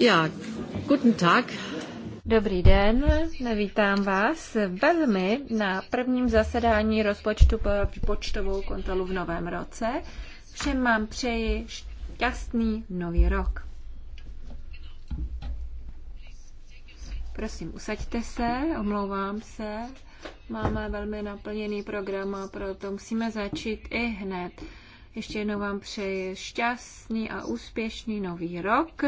Ja, guten Tag. Dobrý den, vítám vás velmi na prvním zasedání rozpočtu pro počtovou kontrolu v novém roce. Všem mám přeji šťastný nový rok. Prosím, usaďte se, omlouvám se. Máme velmi naplněný program a proto musíme začít i hned. Ještě jednou vám přeji šťastný a úspěšný nový rok.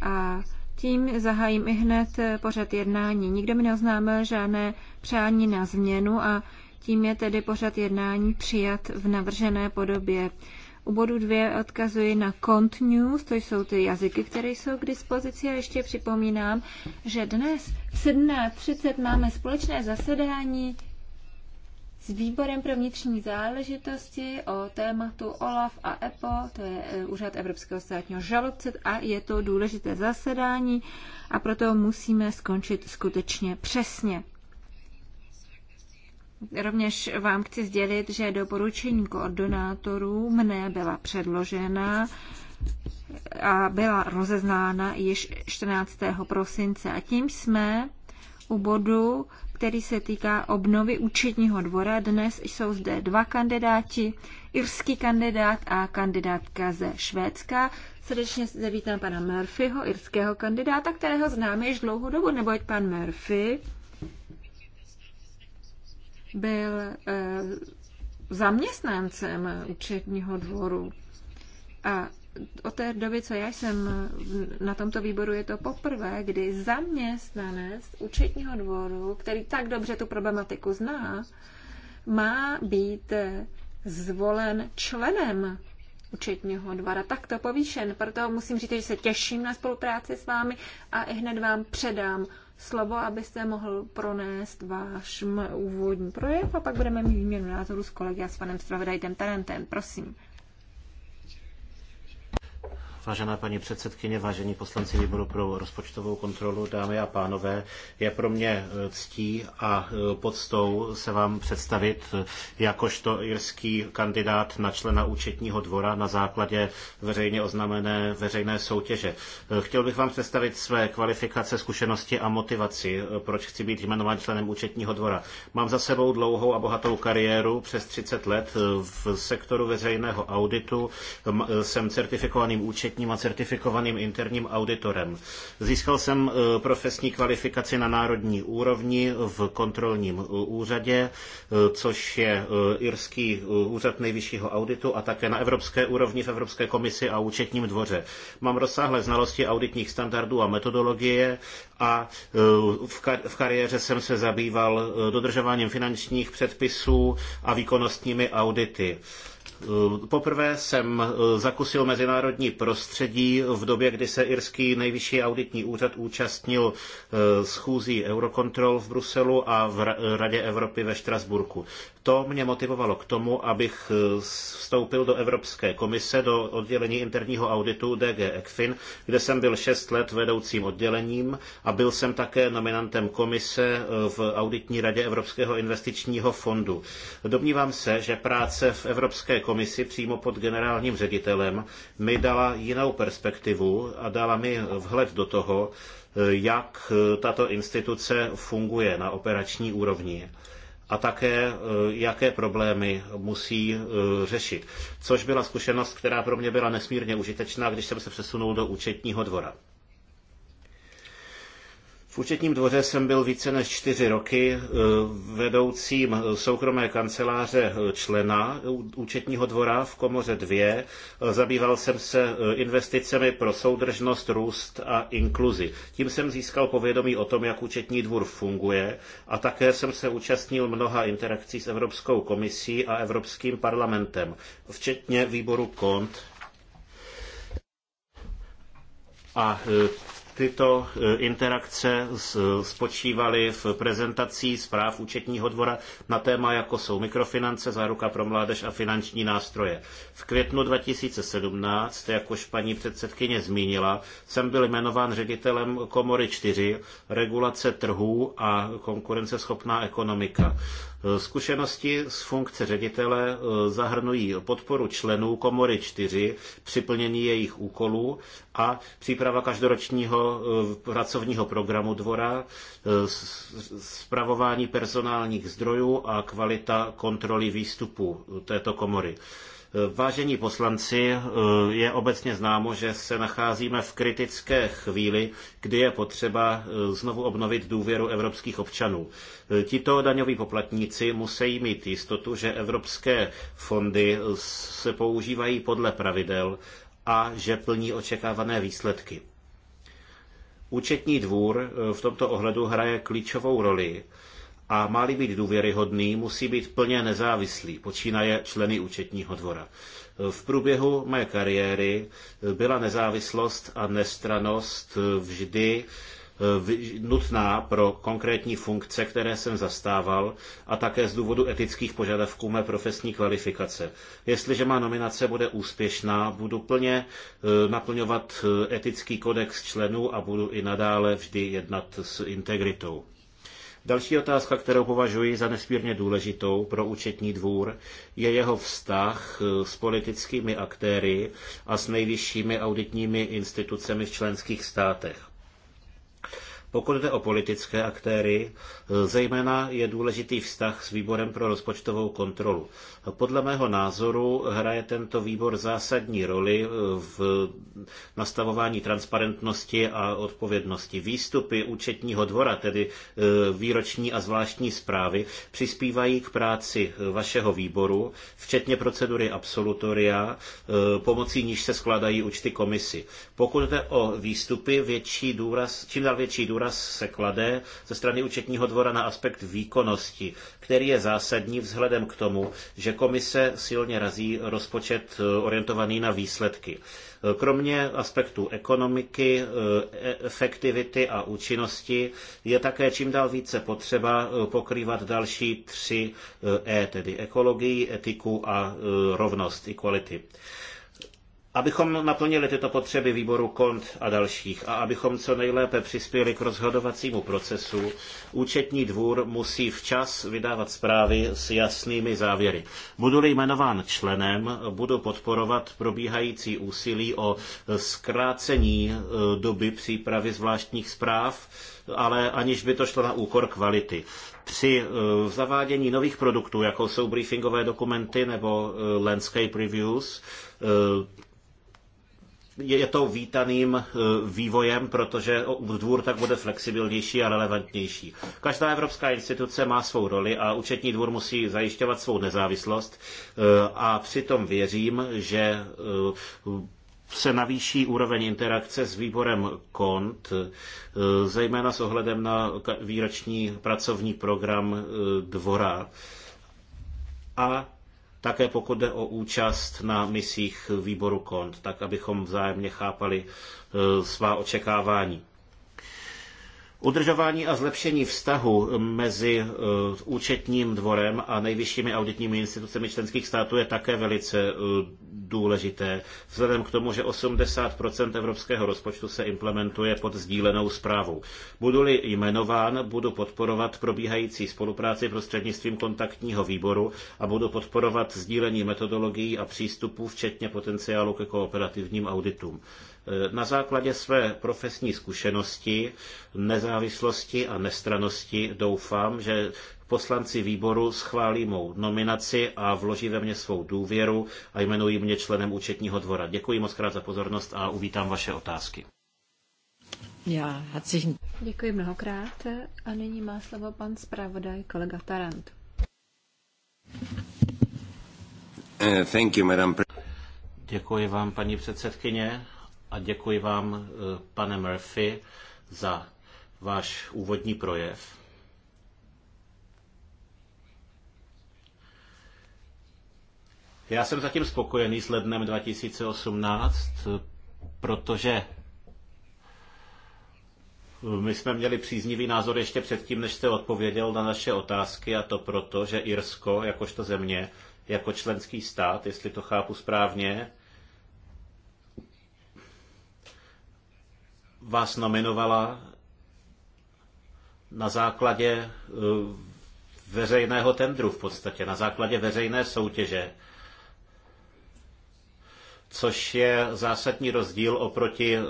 A tím zahájím i hned eh, pořad jednání. Nikdo mi neoznámil žádné přání na změnu a tím je tedy pořad jednání přijat v navržené podobě. U bodu dvě odkazuji na Cont News, to jsou ty jazyky, které jsou k dispozici. A ještě připomínám, že dnes v 17.30 máme společné zasedání s výborem pro vnitřní záležitosti o tématu OLAF a EPO, to je e, Úřad Evropského státního žalobce a je to důležité zasedání a proto musíme skončit skutečně přesně. Rovněž vám chci sdělit, že doporučení koordinátorů mne byla předložena a byla rozeznána již 14. prosince. A tím jsme u bodu který se týká obnovy účetního dvora. Dnes jsou zde dva kandidáti, irský kandidát a kandidátka ze Švédska. Srdečně zde vítám pana Murphyho, irského kandidáta, kterého známe již dlouhou dobu, neboť pan Murphy byl eh, zaměstnancem účetního dvoru. A od té doby, co já jsem na tomto výboru, je to poprvé, kdy zaměstnanec účetního dvoru, který tak dobře tu problematiku zná, má být zvolen členem účetního dvora Tak to povýšen. Proto musím říct, že se těším na spolupráci s vámi a i hned vám předám slovo, abyste mohl pronést váš úvodní projev a pak budeme mít výměnu názoru s kolegy a s panem Stravedajtem Tarentem. Prosím. Vážená paní předsedkyně, vážení poslanci výboru pro rozpočtovou kontrolu, dámy a pánové, je pro mě e, ctí a e, poctou se vám představit e, jakožto irský kandidát na člena účetního dvora na základě veřejně oznámené veřejné soutěže. Chtěl bych vám představit své kvalifikace, zkušenosti a motivaci, proč chci být jmenován členem účetního dvora. Mám za sebou dlouhou a bohatou kariéru přes 30 let v sektoru veřejného auditu. Jsem certifikovaným účetním kvalitním a certifikovaným interním auditorem. Získal jsem eh, profesní kvalifikaci na národní úrovni v kontrolním eh, úřadě, eh, což je irský úřad nejvyššího auditu a také na evropské úrovni v Evropské komisi a účetním dvoře. Mám rozsáhlé znalosti auditních standardů a metodologie a v kariéře jsem se zabýval dodržováním finančních předpisů a výkonnostními audity. Eh, poprvé jsem eh, zakusil mezinárodní prostředí v době, kdy se irský nejvyšší auditní úřad účastnil eh, schůzí Eurocontrol v Bruselu a v Radě Evropy ve Štrasburku to mě motivovalo k tomu, abych eh, vstoupil do Evropské komise, do oddělení interního auditu DG ECFIN, kde jsem byl šest let vedoucím oddělením a byl jsem také nominantem komise eh, v auditní radě Evropského investičního fondu. Domnívám se, že práce v Evropské komisi přímo pod generálním ředitelem mi dala jinou perspektivu a dala mi vhled do toho, eh, jak tato instituce funguje na operační úrovni a také e, jaké problémy musí e, řešit. Což byla zkušenost, která pro mě byla nesmírně užitečná, když jsem se přesunul do účetního dvora. V účetním dvoře jsem byl více než čtyři roky eh, vedoucím eh, soukromé kanceláře eh, člena účetního dvora v komoře 2. Zabýval jsem se investicemi pro soudržnost, růst a inkluzi. Tím jsem získal povědomí o tom, jak účetní dvůr funguje a také jsem se účastnil mnoha interakcí s Evropskou komisí a Evropským parlamentem, včetně výboru KONT a Tyto eh, interakce spočívaly v prezentací zpráv účetního dvora na téma, jako jsou mikrofinance, záruka pro mládež a finanční nástroje. V květnu 2017, jak už paní předsedkyně zmínila, jsem byl jmenován ředitelem Komory 4, regulace trhů a konkurenceschopná ekonomika. Eh, zkušenosti z funkce ředitele eh, zahrnují podporu členů komory 4 při plnění jejich úkolů a příprava každoročního eh, pracovního programu dvora, zpravování personálních zdrojů a kvalita kontroly výstupů této komory. Vážení poslanci, eh, je obecně známo, že se nacházíme v kritické chvíli, kdy je potřeba eh, znovu obnovit důvěru evropských občanů. Eh, tito daňoví poplatníci musí mít jistotu, že evropské fondy se používají podle pravidel a že plní očekávané výsledky. Účetní dvůr v tomto ohledu hraje klíčovou roli a má-li být důvěryhodný, musí být plně nezávislý, počínaje členy účetního dvora. V průběhu mé kariéry byla nezávislost a nestranost vždy eh, nutná pro konkrétní funkce, které jsem zastával a také z důvodu etických požadavků mé profesní kvalifikace. Jestliže má nominace bude úspěšná, budu plně eh, naplňovat eh, etický kodex členů a budu i nadále vždy jednat s integritou. Další otázka, kterou považuji za nesmírně důležitou pro účetní dvůr, je jeho vztah eh, s politickými aktéry a s nejvyššími auditními institucemi v členských státech. Pokud jde o politické aktéry, zejména je důležitý vztah s výborem pro rozpočtovou kontrolu. Podle mého názoru hraje tento výbor zásadní roli v nastavování transparentnosti a odpovědnosti. Výstupy účetního dvora, tedy e, výroční a zvláštní zprávy, přispívají k práci vašeho výboru, včetně procedury absolutoria, e, pomocí níž se skládají účty komisi. Pokud jde o výstupy, větší důraz, čím dál větší důraz důraz se klade ze strany účetního dvora na aspekt výkonnosti, který je zásadní vzhledem k tomu, že komise silně razí rozpočet eh, orientovaný na výsledky. Eh, kromě aspektu ekonomiky, eh, efektivity a účinnosti je také čím dál více potřeba pokrývat další tři E, tedy ekologii, etiku a rovnost, equality. Abychom naplnili tyto potřeby výboru KONT a dalších a abychom co nejlépe přispěli k rozhodovacímu procesu, účetní dvůr musí včas vydávat zprávy s jasnými závěry. Budu-li jmenován členem, budu podporovat probíhající úsilí o zkrácení e, doby přípravy zvláštních zpráv, ale aniž by to šlo na úkor kvality. Při e, zavádění nových produktů, jako jsou briefingové dokumenty nebo e, landscape reviews, je to vítaným eh, vývojem, protože dvůr tak bude flexibilnější a relevantnější. Každá evropská instituce má svou roli a účetní dvůr musí zajišťovat svou nezávislost eh, a přitom věřím, že eh, se navýší úroveň interakce s výborem KONT, zejména s ohledem na výroční pracovní program dvora. A také pokud jde o účast na misích výboru KONT, tak abychom vzájemně chápali eh, svá očekávání. Udržování a zlepšení vztahu mezi eh, účetním dvorem a nejvyššími auditními institucemi členských států je také velice eh, důležité, vzhledem k tomu, že 80 evropského rozpočtu se implementuje pod sdílenou správou. Budu-li jmenován, budu podporovat probíhající spolupráci prostřednictvím kontaktního výboru a budu podporovat sdílení metodologií a přístupů, včetně potenciálu ke kooperativním auditům. Eh, na základě své profesní zkušenosti, nezávislosti a nestranosti doufám, že poslanci výboru schválí mou nominaci a vloží ve mě svou důvěru a jmenují mě členem účetního dvora. Děkuji moc krát za pozornost a uvítám vaše otázky. Já, herzlichen. Děkuji mnohokrát a nyní má slovo pan zpravodaj kolega Tarant. Eh, thank you, madam. Děkuji vám, paní předsedkyně a děkuji vám, eh, pane Murphy, za váš úvodní projev. Já jsem zatím spokojený s lednem 2018, eh, protože my jsme měli příznivý názor ještě předtím, než jste odpověděl na naše otázky a to proto, že Irsko, jakožto země, jako členský stát, jestli to chápu správně, vás nominovala na základě eh, veřejného tendru v podstatě, na základě veřejné soutěže, což je zásadní rozdíl oproti eh,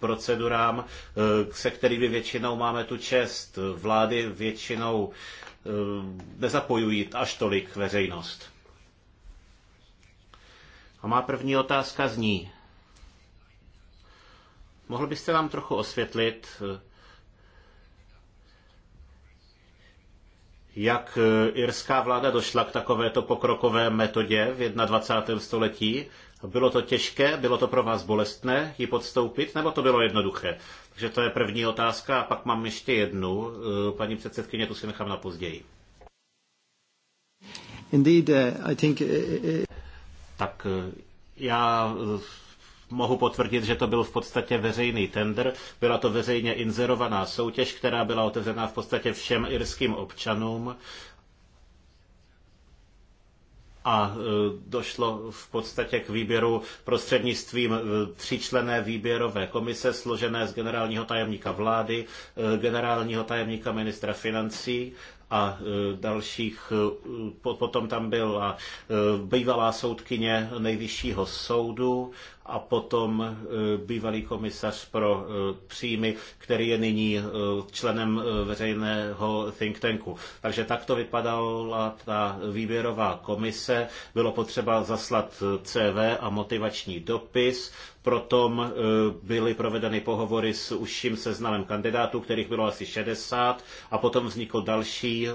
procedurám, eh, se kterými většinou máme tu čest. Vlády většinou nezapojují až tolik veřejnost. A má první otázka zní, Mohl byste nám trochu osvětlit, eh, jak eh, irská vláda došla k takovéto pokrokové metodě v 21. století? Bylo to těžké, bylo to pro vás bolestné ji podstoupit, nebo to bylo jednoduché? Takže to je první otázka a pak mám ještě jednu. Eh, paní předsedkyně, tu si nechám na později. Indeed, I think... Tak já mohu potvrdit, že to byl v podstatě veřejný tender. Byla to veřejně inzerovaná soutěž, která byla otevřená v podstatě všem irským občanům. A e, došlo v podstatě k výběru prostřednictvím e, tříčlené výběrové komise složené z generálního tajemníka vlády, e, generálního tajemníka ministra financí a dalších. Potom tam byla bývalá soudkyně nejvyššího soudu a potom eh, bývalý komisař pro eh, příjmy, který je nyní eh, členem veřejného think tanku. Takže takto vypadala ta výběrová komise. Bylo potřeba zaslat CV a motivační dopis. Potom byly provedeny pohovory s užším seznamem kandidátů, kterých bylo asi 60, a potom vznikl další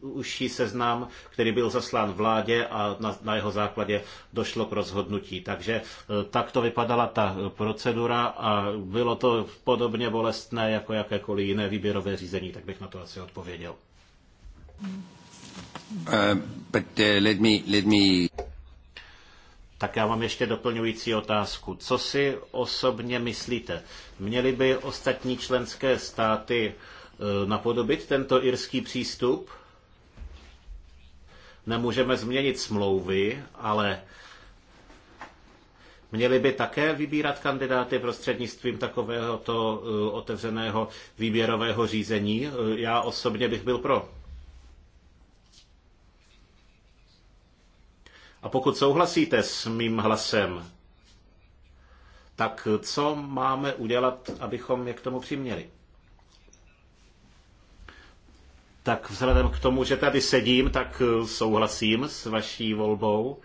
užší seznam, který byl zaslán vládě a na, na jeho základě došlo k rozhodnutí. Takže Eh, tak to vypadala ta procedura a bylo to podobně bolestné jako jakékoliv jiné výběrové řízení, tak bych na to asi odpověděl. Uh, but, uh, let me, let me... Tak já mám ještě doplňující otázku. Co si osobně myslíte? Měly by ostatní členské státy napodobit tento irský přístup? Nemůžeme změnit smlouvy, ale Měli by také vybírat kandidáty prostřednictvím takovéhoto eh, otevřeného výběrového řízení? Eh, já osobně bych byl pro. A pokud souhlasíte s mým hlasem, tak co máme udělat, abychom je k tomu přiměli? Tak vzhledem k tomu, že tady sedím, tak eh, souhlasím s vaší volbou.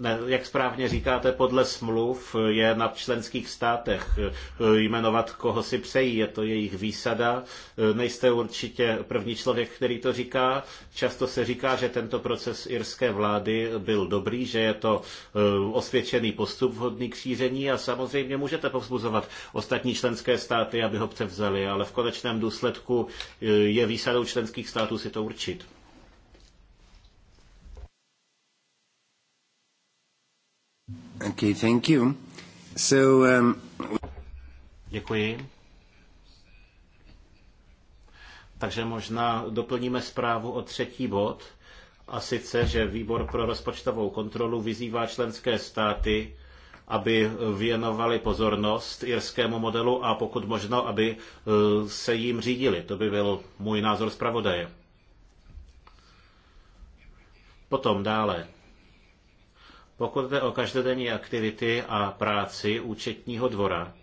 ne, jak správně říkáte, podle smluv je na členských státech eh, jmenovat, koho si přejí, je to jejich výsada. Eh, nejste určitě první člověk, který to říká. Často se říká, že tento proces irské vlády byl dobrý, že je to eh, osvědčený postup vhodný k šíření a samozřejmě můžete povzbuzovat ostatní členské státy, aby ho převzali, ale v konečném důsledku je výsadou členských států si to určit. Um, Děkuji. Takže možná doplníme zprávu o třetí bod, a sice, že výbor pro rozpočtovou kontrolu vyzývá členské státy, aby věnovali pozornost irskému modelu a pokud možno, aby e, se jim řídili. To by byl můj názor zpravodaje. Potom dále. Pokud jde o každodenní aktivity a práci účetního dvora,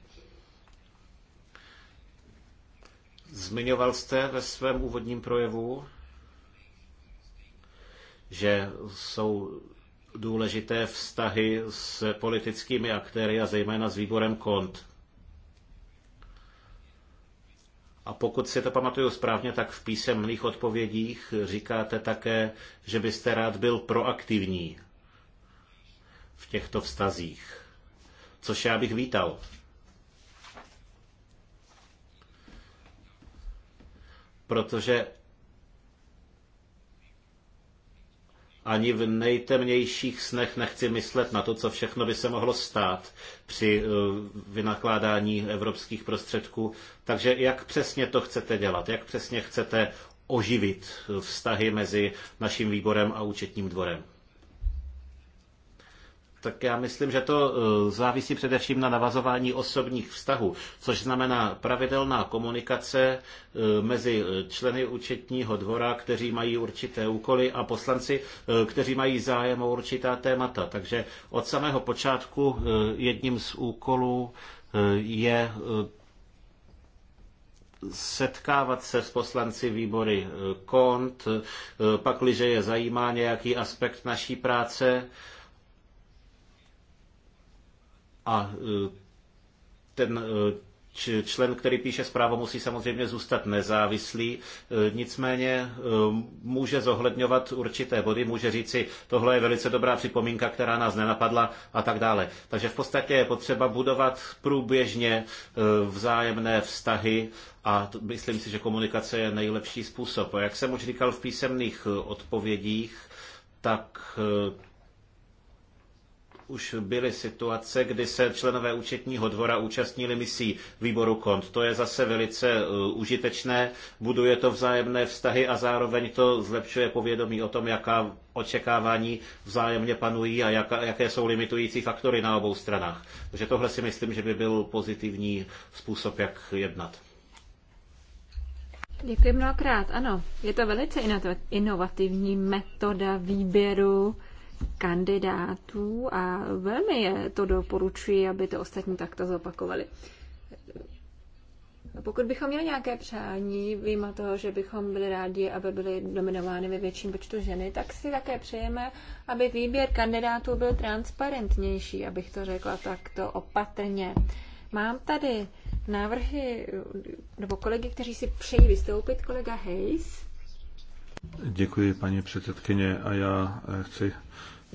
zmiňoval jste ve svém úvodním projevu, že jsou důležité vztahy s politickými aktéry a zejména s výborem KONT. A pokud si to pamatuju správně, tak v písemných odpovědích říkáte také, že byste rád byl proaktivní v těchto vztazích, což já bych vítal. Protože ani v nejtemnějších snech nechci myslet na to, co všechno by se mohlo stát při eh, vynakládání evropských prostředků. Takže jak přesně to chcete dělat? Jak přesně chcete oživit eh, vztahy mezi naším výborem a účetním dvorem? tak já myslím, že to eh, závisí především na navazování osobních vztahů, což znamená pravidelná komunikace eh, mezi eh, členy účetního dvora, kteří mají určité úkoly a poslanci, kteří mají zájem o určitá témata. Takže od samého počátku jedním z úkolů je setkávat se s poslanci výbory KONT, pakliže je zajímá nějaký aspekt naší práce, a e, ten e, člen, který píše zprávu, musí samozřejmě zůstat nezávislý, e, nicméně může zohledňovat určité body, může říci, tohle je velice dobrá připomínka, která nás nenapadla a tak dále. Takže v podstatě je potřeba budovat průběžně vzájemné vztahy a myslím si, že komunikace je nejlepší způsob. A jak jsem už říkal v písemných odpovědích, tak už byly situace, kdy se členové účetního dvora účastnili misí výboru kont. To je zase velice e, užitečné, buduje to vzájemné vztahy a zároveň to zlepšuje povědomí o tom, jaká očekávání vzájemně panují a jak, jaké jsou limitující faktory na obou stranách. Takže tohle si myslím, že by byl pozitivní způsob, jak jednat. Děkuji mnohokrát. Ano, je to velice inovativní metoda výběru kandidátů a velmi je to doporučuji, aby to ostatní takto zopakovali. Pokud bychom měli nějaké přání, výjima toho, že bychom byli rádi, aby byly dominovány ve větším počtu ženy, tak si také přejeme, aby výběr kandidátů byl transparentnější, abych to řekla takto opatrně. Mám tady návrhy, nebo kolegy, kteří si přejí vystoupit, kolega Hayes. Děkuji, paní předsedkyně, a já eh, chci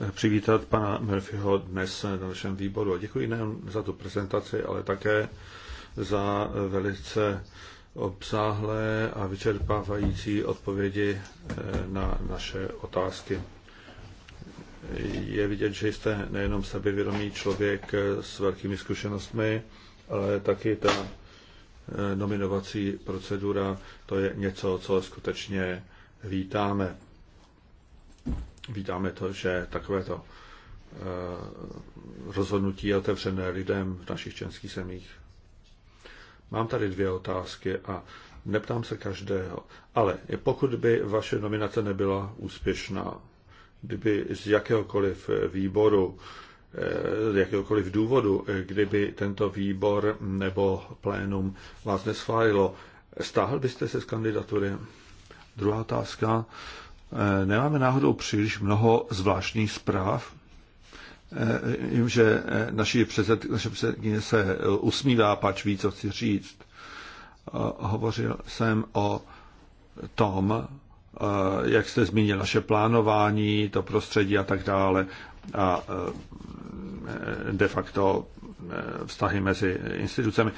eh, přivítat pana Murphyho dnes eh, na našem výboru. A děkuji nejen za tu prezentaci, ale také za velice obsáhlé a vyčerpávající odpovědi na naše otázky. Je vidět, že jste nejenom sebevědomý člověk s velkými zkušenostmi, ale taky ta nominovací procedura, to je něco, co skutečně vítáme. Vítáme to, že takovéto eh, rozhodnutí je otevřené lidem v našich českých zemích. Mám tady dvě otázky a neptám se každého, ale pokud by vaše nominace nebyla úspěšná, kdyby z jakéhokoliv výboru, eh, z jakéhokoliv důvodu, eh, kdyby tento výbor nebo plénum vás neschválilo, stáhl byste se z kandidatury? Druhá otázka. Eh, nemáme náhodou příliš mnoho zvláštních zpráv? Vím, eh, že eh, naši předsed, naše předsedkyně se usmívá, pač ví, co chci říct. Hovořil jsem o tom, jak jste zmínil, naše plánování, to prostředí a tak dále a de facto vztahy mezi institucemi.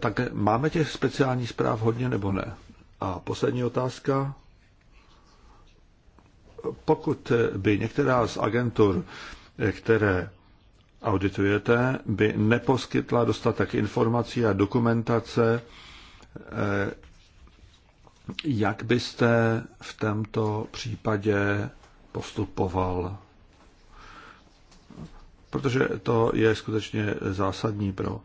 Tak máme těch speciálních zpráv hodně nebo ne? A poslední otázka. Pokud by některá z agentur, které auditujete, by neposkytla dostatek informací a dokumentace, eh, jak byste v tomto případě postupoval? Protože to je skutečně zásadní pro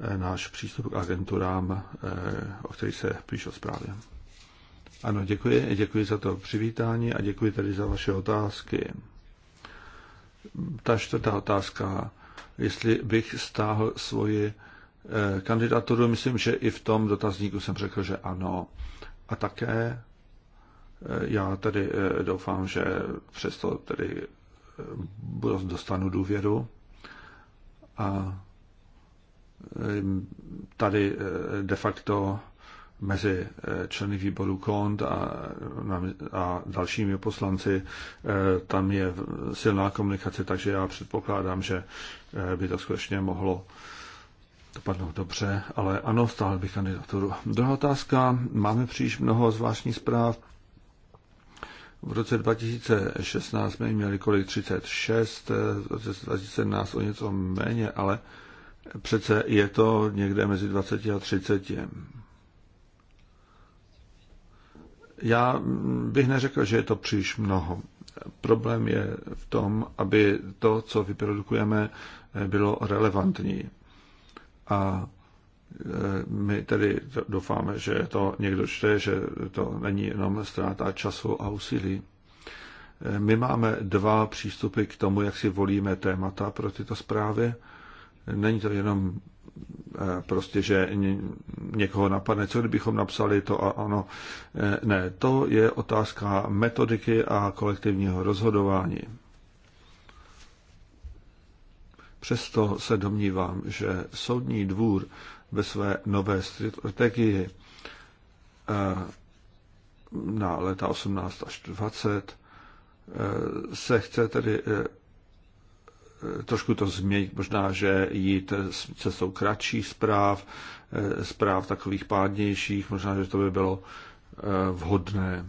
eh, náš přístup k agenturám, eh, o kterých se píše zprávě. Ano, děkuji, děkuji za to přivítání a děkuji tedy za vaše otázky. Ta čtvrtá otázka, jestli bych stáhl svoji eh, kandidaturu, myslím, že i v tom dotazníku jsem řekl, že ano. A také eh, já tedy eh, doufám, že přesto tedy dostanu důvěru a tady de facto mezi eh, členy výboru Kond a, a dalšími poslanci. Eh, tam je silná komunikace, takže já předpokládám, že eh, by to skutečně mohlo dopadnout dobře, ale ano, stál bych kandidaturu. Druhá otázka. Máme příliš mnoho zvláštních zpráv. V roce 2016 jsme měli kolik 36, v roce 2017 o něco méně, ale přece je to někde mezi 20 a 30. Já bych neřekl, že je to příliš mnoho. Problém je v tom, aby to, co vyprodukujeme, bylo relevantní. A e, my tedy doufáme, že to někdo čte, že to není jenom ztráta času a úsilí. E, my máme dva přístupy k tomu, jak si volíme témata pro tyto zprávy. Není to jenom Eh, prostě, že někoho napadne, co kdybychom napsali to a ono. Eh, ne, to je otázka metodiky a kolektivního rozhodování. Přesto se domnívám, že soudní dvůr ve své nové strategii eh, na leta 18 až 20 se chce tedy Eh, trošku to změnit, možná, že jít cestou kratší zpráv, eh, zpráv takových pádnějších, možná, že to by bylo eh, vhodné.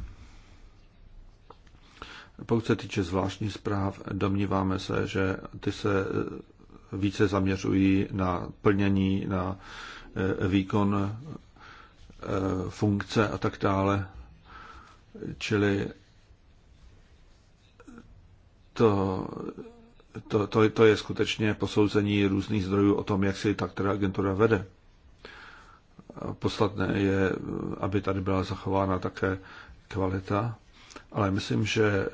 Pokud se týče zvláštních zpráv, domníváme se, že ty se více zaměřují na plnění, na výkon funkce a tak dále. Čili to to, to, to je skutečně posouzení různých zdrojů o tom, jak si ta která agentura vede. Podstatné je, aby tady byla zachována také kvalita, ale myslím, že e,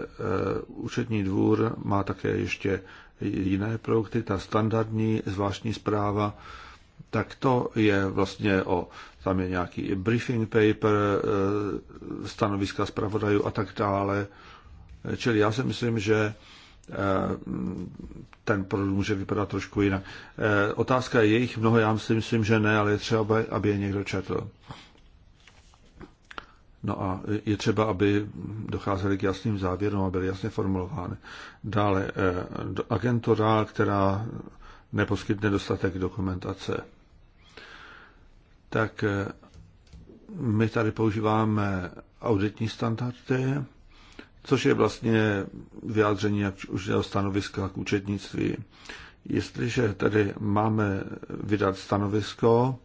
účetní dvůr má také ještě jiné produkty, ta standardní zvláštní zpráva, tak to je vlastně o, tam je nějaký briefing paper, e, stanoviska zpravodajů a tak dále. Čili já si myslím, že Eh, ten produkt může vypadat trošku jinak. Eh, otázka je jejich mnoho, já si myslím, že ne, ale je třeba, aby je někdo četl. No a je třeba, aby docházeli k jasným závěrům a byly jasně formulovány. Dále, eh, agentura, která neposkytne dostatek dokumentace. Tak my tady používáme auditní standardy, což je vlastně vyjádření jak už stanoviska k účetnictví. Jestliže tedy máme vydat stanovisko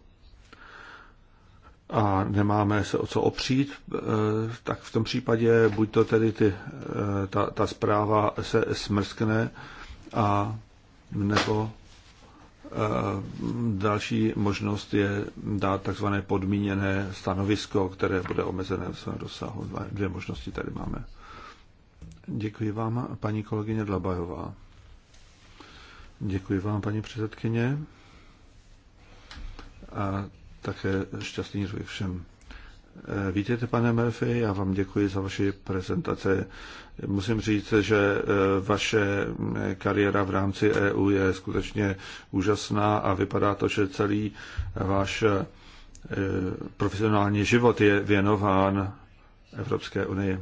a nemáme se o co opřít, eh, tak v tom případě buď to tedy ty, eh, ta, ta zpráva se smrskne a nebo eh, Další možnost je dát takzvané podmíněné stanovisko, které bude omezené v svém rozsahu. Dvě možnosti tady máme. Děkuji vám, paní kolegyně Dlabajová. Děkuji vám, paní předsedkyně. A také šťastný zvyk všem. Eh, vítejte, pane Murphy, já vám děkuji za vaši prezentaci. Musím říct, že eh, vaše eh, kariéra v rámci EU je skutečně úžasná a vypadá to, že celý váš profesionální život je věnován Evropské unii.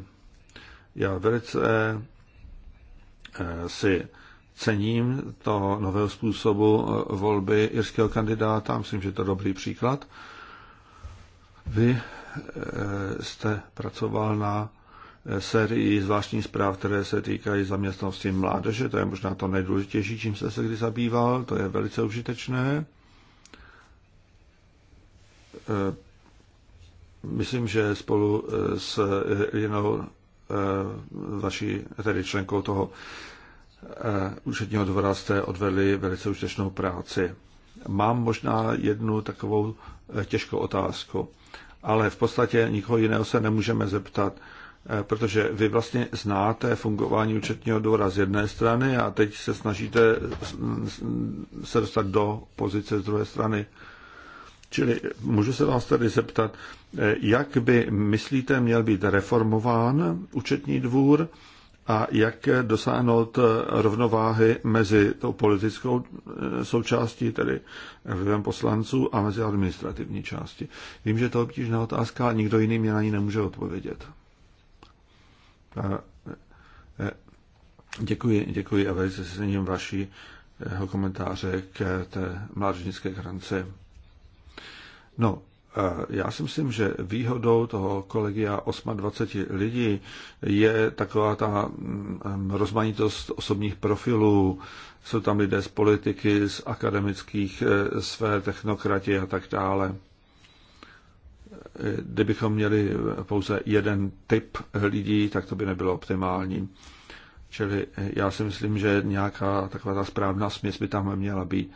Já velice eh, si cením to nového způsobu eh, volby irského kandidáta. Myslím, že to je dobrý příklad. Vy eh, jste pracoval na sérii zvláštních zpráv, které se týkají zaměstnanosti mládeže. To je možná to nejdůležitější, čím jste se kdy zabýval. To je velice užitečné. Myslím, že spolu s jinou Eh, vaší tedy členkou toho eh, účetního dvora jste odvedli velice užitečnou práci. Mám možná jednu takovou eh, těžkou otázku, ale v podstatě nikoho jiného se nemůžeme zeptat, protože vy vlastně znáte fungování účetního dvora z jedné strany a teď se snažíte se dostat do pozice z druhé strany. Čili můžu se vás tady zeptat, jak by, myslíte, měl být reformován účetní dvůr a jak dosáhnout rovnováhy mezi tou politickou eh, součástí, tedy vlivem poslanců, a mezi administrativní části? Vím, že to je obtížná otázka a nikdo jiný mě na ní nemůže odpovědět. Eh, děkuji, děkuji a velice si cením vašího komentáře k té mládežnické hranici. No, já si myslím, že výhodou toho kolegia 28 lidí je taková ta mm, rozmanitost osobních profilů. Jsou tam lidé z politiky, z akademických e, sfér, technokrati a tak dále. E, kdybychom měli pouze jeden typ lidí, tak to by nebylo optimální. Čili já si myslím, že nějaká taková ta správná směs by tam měla být.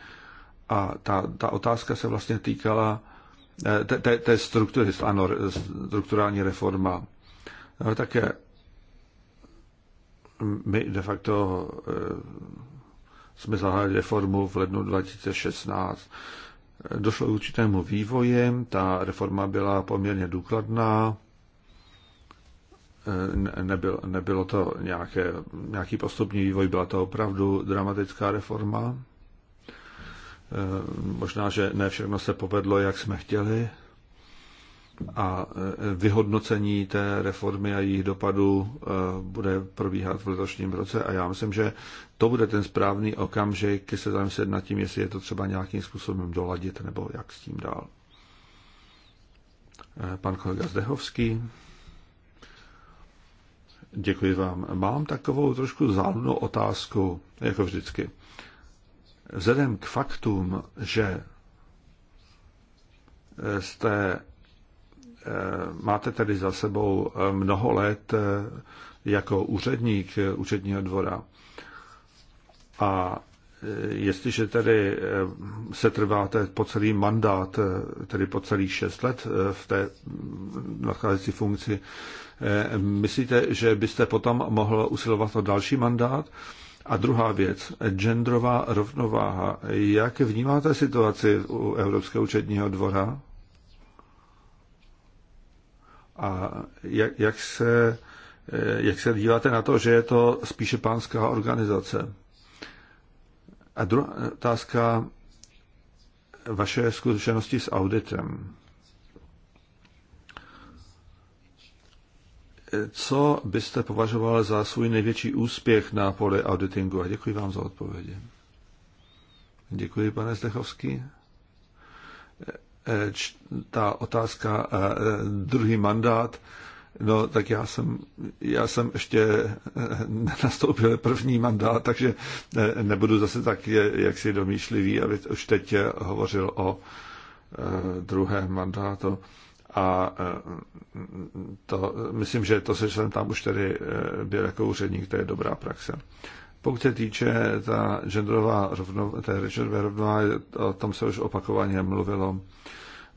A ta, ta otázka se vlastně týkala té, eh, té struktury, ano, strukturální reforma. No, také my de facto eh, jsme zahájili reformu v lednu 2016. Došlo k určitému vývoji, ta reforma byla poměrně důkladná, eh, nebyl, nebylo to nějaké, nějaký postupný vývoj, byla to opravdu dramatická reforma. Eh, možná, že ne všechno se povedlo, jak jsme chtěli. A eh, vyhodnocení té reformy a jejich dopadů eh, bude probíhat v letošním roce. A já myslím, že to bude ten správný okamžik se zamyslet nad tím, jestli je to třeba nějakým způsobem doladit nebo jak s tím dál. Pan kolega Zdehovský. Děkuji vám. Mám takovou trošku záludnou otázku, jako vždycky. Vzhledem k faktům, že eh, jste, eh, máte tedy za sebou eh, mnoho let jako úředník účetního dvora a jestliže tedy se trváte po celý mandát, tedy po celých šest let v té mm, nadcházející funkci, myslíte, že byste potom mohl usilovat o další mandát? A druhá věc, genderová rovnováha. Jak vnímáte situaci u Evropského účetního dvora? A jak, jak, se, jak se díváte na to, že je to spíše pánská organizace? A druhá otázka, vaše zkušenosti s auditem. co byste považoval za svůj největší úspěch na poli auditingu? A děkuji vám za odpovědi. Děkuji, pane Zdechovský. E, e, ta otázka, e, druhý mandát, No, tak já jsem, já jsem ještě nenastoupil první mandát, takže nebudu zase tak, jak si domýšlivý, aby už teď hovořil o druhém mandátu. A e, to, myslím, že to, že jsem tam už tedy e, byl jako úředník, to je dobrá praxe. Pokud se týče ta genderová rovnováha, té o tom se už opakovaně mluvilo.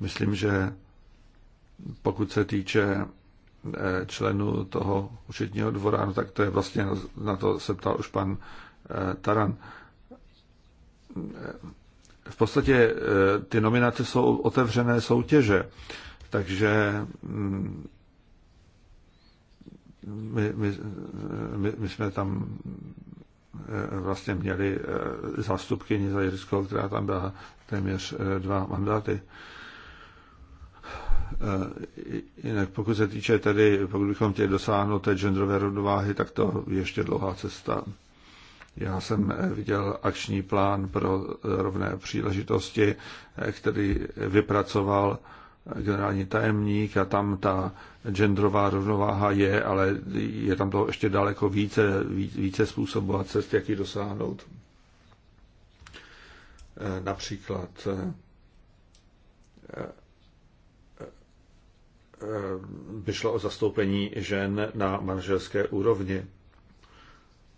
Myslím, že pokud se týče e, členů toho učitního dvora, no tak to je vlastně, na to se ptal už pan Taran. V podstatě ty nominace jsou otevřené soutěže takže mm, my, my, my, my jsme tam eh, vlastně měli eh, zastupkyni za Jirsko, která tam byla téměř eh, dva mandáty. Jinak pokud se týče tedy, pokud bychom chtěli dosáhnout té genderové rovnováhy, tak to je ještě dlouhá cesta. Já jsem viděl akční plán pro rovné příležitosti, který vypracoval generální tajemník a tam ta genderová rovnováha je, ale je tam to ještě daleko více, více způsobů a cest, jak ji dosáhnout. Eh, například eh, eh, by šlo o zastoupení žen na manželské úrovni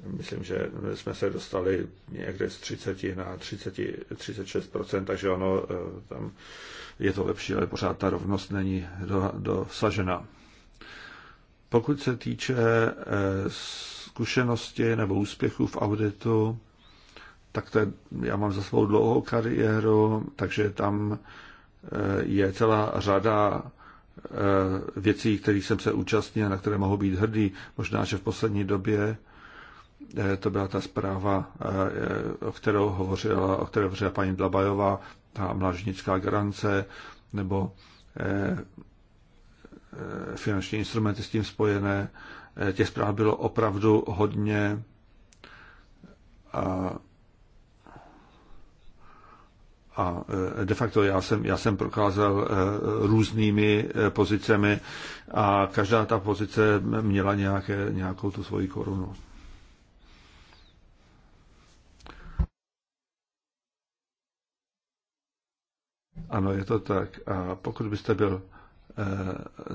myslím, že jsme se dostali někde z 30 na 30, 36 takže ono eh, tam je to lepší, ale pořád ta rovnost není dosažena. Pokud se týče eh, zkušenosti nebo úspěchu v auditu, tak to je, já mám za svou dlouhou kariéru, takže tam eh, je celá řada věcí, kterých jsem se účastnil, na které mohu být hrdý. Možná, že v poslední době Eh, to byla ta zpráva, eh, o kterou hovořila, o které hovořila paní Dlabajová, ta mlažnická garance, nebo eh, finanční instrumenty s tím spojené. Těch zpráv bylo opravdu hodně a, a de facto já jsem, já jsem prokázal různými pozicemi a každá ta pozice měla nějaké, nějakou tu svoji korunu. Ano, je to tak. A pokud byste byl eh,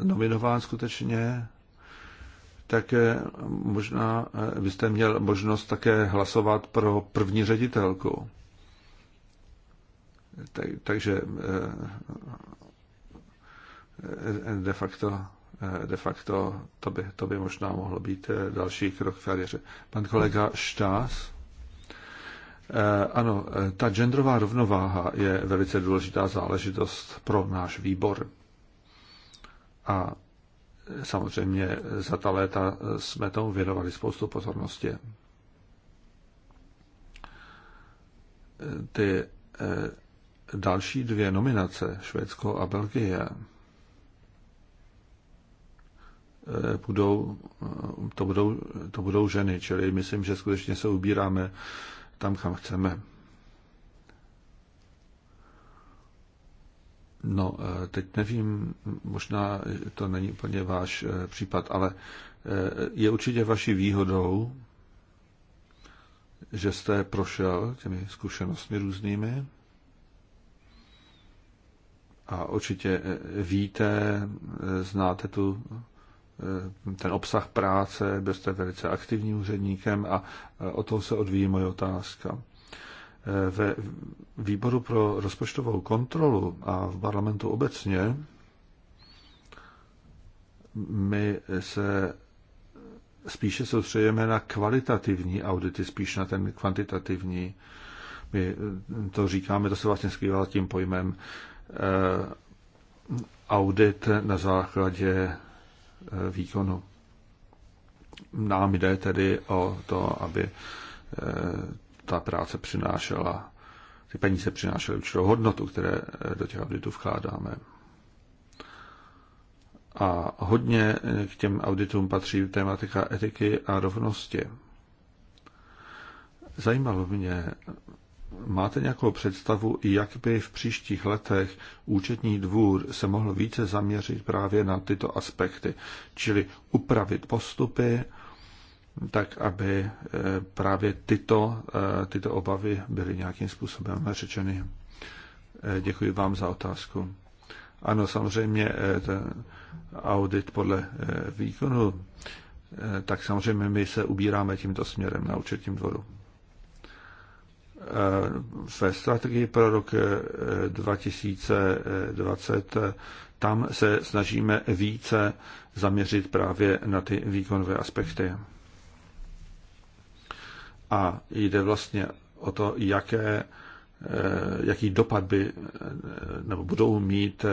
nominován skutečně, tak eh, možná eh, byste měl možnost také hlasovat pro první ředitelku. Tak, takže eh, eh de facto eh, de facto to by, to by možná mohlo být eh, další krok v kariéře. Pan kolega Štás. Eh, ano, eh, ta genderová rovnováha je velice důležitá záležitost pro náš výbor. A samozřejmě za ta léta eh, jsme tomu věnovali spoustu pozornosti. Ty další dvě nominace, Švédsko a Belgie, budou, to, budou, to budou ženy, čili myslím, že skutečně se ubíráme tam, kam chceme. No, eh, teď nevím, možná to není úplně váš eh, případ, ale eh, je určitě vaší výhodou, že jste prošel těmi zkušenostmi různými a určitě víte, znáte tu Eh, ten obsah práce, byl jste velice aktivním úředníkem a eh, o tom se odvíjí moje otázka. Eh, ve výboru pro rozpočtovou kontrolu a v parlamentu obecně my se spíše soustředíme na kvalitativní audity, spíš na ten kvantitativní. My to říkáme, to se vlastně skrývá tím pojmem audit na základě výkonu. Nám jde tedy o to, aby eh, ta práce přinášela, ty peníze přinášely určitou hodnotu, které eh, do těch auditů vkládáme. A hodně eh, k těm auditům patří tématika etiky a rovnosti. Zajímalo mě, máte nějakou představu, jak by v příštích letech účetní dvůr se mohl více zaměřit právě na tyto aspekty, čili upravit postupy, tak aby eh, právě tyto, eh, tyto obavy byly nějakým způsobem řečeny. Eh, děkuji vám za otázku. Ano, samozřejmě ten audit podle výkonu, tak samozřejmě my se ubíráme tímto směrem na účetním dvoru. Eh, ve strategii pro rok 2020 eh, eh, tam se snažíme více zaměřit právě na ty výkonové aspekty. A jde vlastně o to, jaké, jaký dopad by nebo budou mít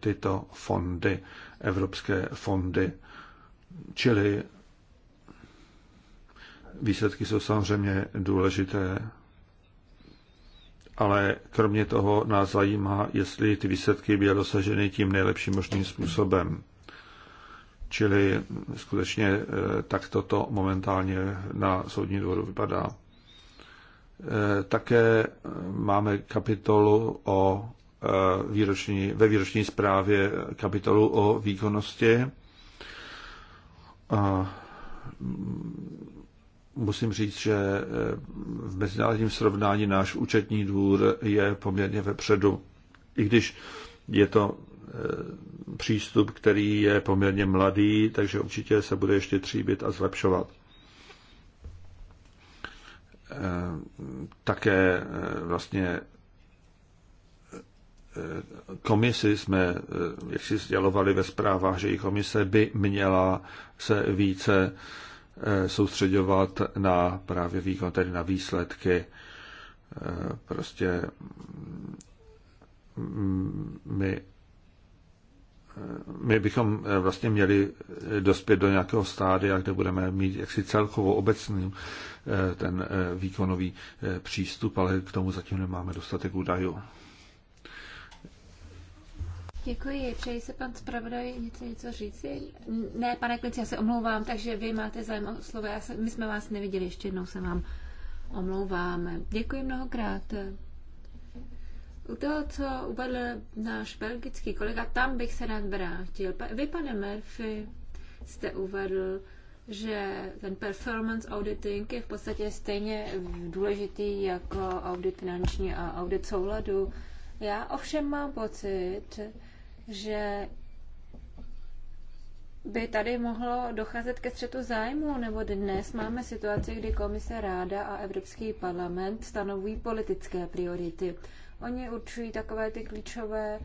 tyto fondy, evropské fondy. Čili výsledky jsou samozřejmě důležité, ale kromě toho nás zajímá, jestli ty výsledky byly dosaženy tím nejlepším možným způsobem. Čili skutečně eh, tak toto momentálně na soudní dvoru vypadá. Eh, také máme kapitolu o eh, výroční, ve výroční zprávě kapitolu o výkonnosti musím říct, že eh, v mezinárodním srovnání náš účetní dvůr je poměrně vepředu. I když je to eh, přístup, který je poměrně mladý, takže určitě se bude ještě tříbit a zlepšovat. Eh, také vlastně komisi jsme, jak si sdělovali ve zprávách, že i komise by měla se více Eh, soustředovat na právě výkon, tedy na výsledky. Eh, prostě mm, my, eh, my bychom vlastně měli dospět do nějakého stádia, kde budeme mít jaksi celkovou obecný ten výkonový přístup, ale k tomu zatím nemáme dostatek údajů. Děkuji. Přeji se pan zpravodaj něco, něco říci? Ne, pane Klinci, já se omlouvám, takže vy máte zájem o slovo. Já se, my jsme vás neviděli, ještě jednou se vám omlouváme. Děkuji mnohokrát. U toho, co uvedl náš belgický kolega, tam bych se rád vrátil. Vy, pane Murphy, jste uvedl, že ten performance auditing je v podstatě stejně důležitý jako audit finanční a audit souladu. Já ovšem mám pocit, že by tady mohlo docházet ke střetu zájmu, nebo dnes máme situaci, kdy komise ráda a Evropský parlament stanoví politické priority. Oni určují takové ty klíčové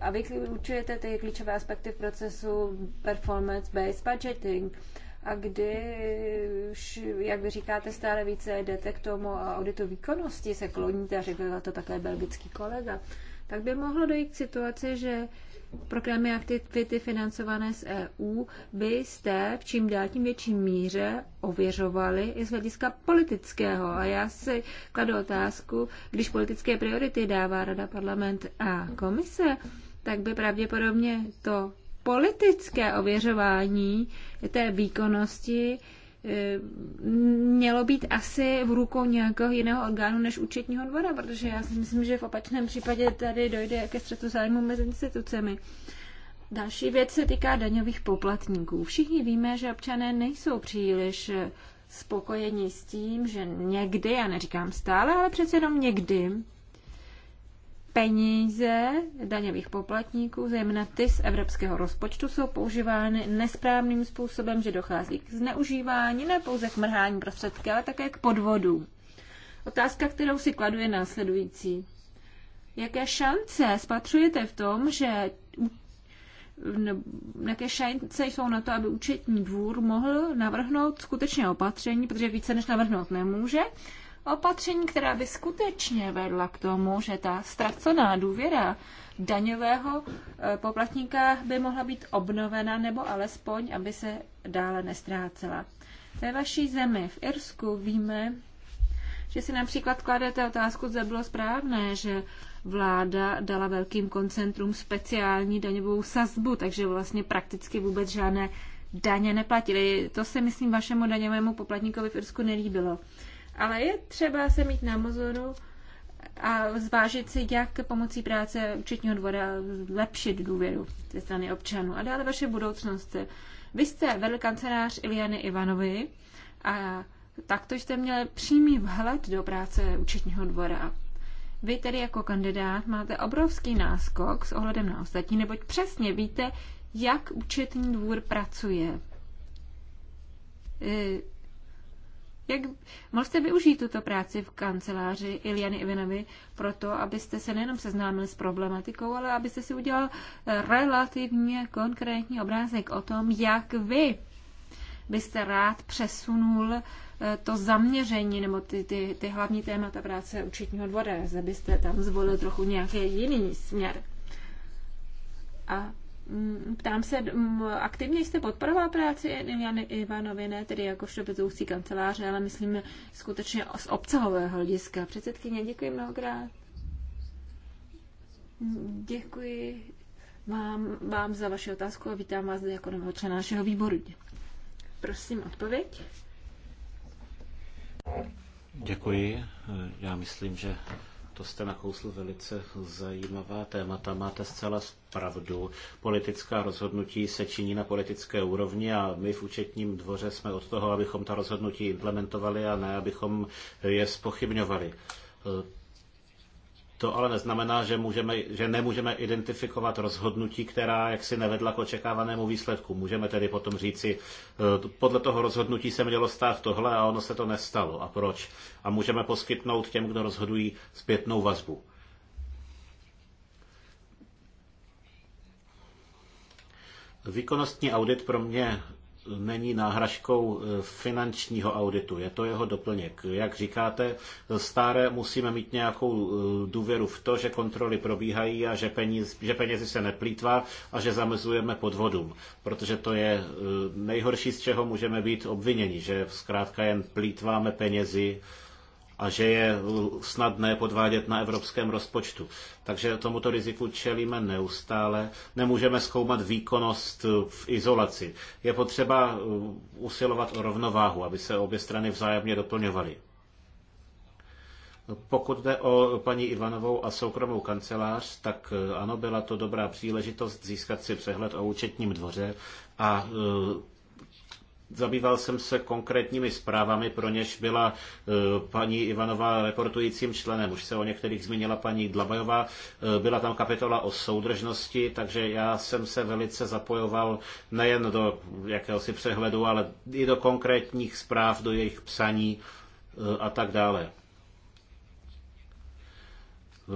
a vy určujete ty klíčové aspekty v procesu performance-based budgeting. A když, jak vy říkáte, stále více jdete k tomu auditu výkonnosti, se kloníte, a řekl to také belgický kolega, tak by mohlo dojít k situaci, že programy aktivity financované z EU byste v čím dál tím větší míře ověřovali i z hlediska politického. A já si kladu otázku, když politické priority dává Rada, Parlament a Komise, tak by pravděpodobně to politické ověřování té výkonnosti mělo být asi v rukou nějakého jiného orgánu než účetního dvora, protože já si myslím, že v opačném případě tady dojde ke střetu zájmu mezi institucemi. Další věc se týká daňových poplatníků. Všichni víme, že občané nejsou příliš spokojeni s tím, že někdy, já neříkám stále, ale přece jenom někdy, peníze daňových poplatníků, zejména ty z evropského rozpočtu, jsou používány nesprávným způsobem, že dochází k zneužívání, ne pouze k mrhání prostředky, ale také k podvodům. Otázka, kterou si kladu, je následující. Jaké šance spatřujete v tom, že no, jaké šance jsou na to, aby účetní dvůr mohl navrhnout skutečně opatření, protože více než navrhnout nemůže, opatření, která by skutečně vedla k tomu, že ta ztracená důvěra daňového eh, poplatníka by mohla být obnovena nebo alespoň, aby se dále nestrácela. Ve vaší zemi, v Irsku, víme, že si například kladete otázku, zda bylo správné, že vláda dala velkým koncentrům speciální daňovou sazbu, takže vlastně prakticky vůbec žádné daně neplatili. To se, myslím, vašemu daňovému poplatníkovi v Irsku nelíbilo. Ale je třeba se mít na mozoru a zvážit si, jak pomocí práce účetního dvora zlepšit důvěru ze strany občanů. A dále vaše budoucnost. Vy jste vedl kancelář Iliany Ivanovi a takto jste měl přímý vhled do práce účetního dvora. Vy tedy jako kandidát máte obrovský náskok s ohledem na ostatní, neboť přesně víte, jak účetní dvůr pracuje jak mohl jste využít tuto práci v kanceláři Iliany Ivinovi to, abyste se nejenom seznámil s problematikou, ale abyste si udělal eh, relativně konkrétní obrázek o tom, jak vy byste rád přesunul eh, to zaměření nebo ty, ty, ty hlavní témata práce účetního dvora, že byste tam zvolil trochu nějaký jiný směr. A Mm, ptám se, mm, aktivně jste podporoval práci Jany Ivanovi, ne tedy jakožto vedoucí kanceláře, ale myslím skutečně z obsahového hlediska. Předsedkyně, děkuji mnohokrát. Děkuji vám, vám za vaši otázku a vítám vás zde jako nového člena našeho výboru. Prosím, odpověď. Děkuji. Já myslím, že to jste nakousl velice zajímavá témata. Máte zcela pravdu. Politická rozhodnutí se činí na politické úrovni a my v účetním dvoře jsme od toho, abychom ta rozhodnutí implementovali a ne, abychom je spochybňovali. To ale neznamená, že, můžeme, že nemůžeme identifikovat rozhodnutí, která jaksi nevedla k očekávanému výsledku. Můžeme tedy potom říci, eh, podle toho rozhodnutí se mělo stát tohle a ono se to nestalo. A proč? A můžeme poskytnout těm, kdo rozhodují, zpětnou vazbu. Výkonnostní audit pro mě není náhražkou eh, finančního auditu, je to jeho doplněk. Jak říkáte, staré musíme mít nějakou eh, důvěru v to, že kontroly probíhají a že, peníz, že penězi se neplýtvá a že zamezujeme podvodům, protože to je eh, nejhorší, z čeho můžeme být obviněni, že zkrátka jen plýtváme penězi a že je snadné podvádět na evropském rozpočtu. Takže tomuto riziku čelíme neustále. Nemůžeme zkoumat výkonnost v izolaci. Je potřeba uh, usilovat o rovnováhu, aby se obě strany vzájemně doplňovaly. Pokud jde o paní Ivanovou a soukromou kancelář, tak uh, ano, byla to dobrá příležitost získat si přehled o účetním dvoře a uh, Zabýval jsem se konkrétními zprávami, pro něž byla e, paní Ivanová reportujícím členem. Už se o některých zmínila paní Dlabajová. E, byla tam kapitola o soudržnosti, takže já jsem se velice zapojoval nejen do jakéhosi přehledu, ale i do konkrétních zpráv, do jejich psaní e, a tak dále.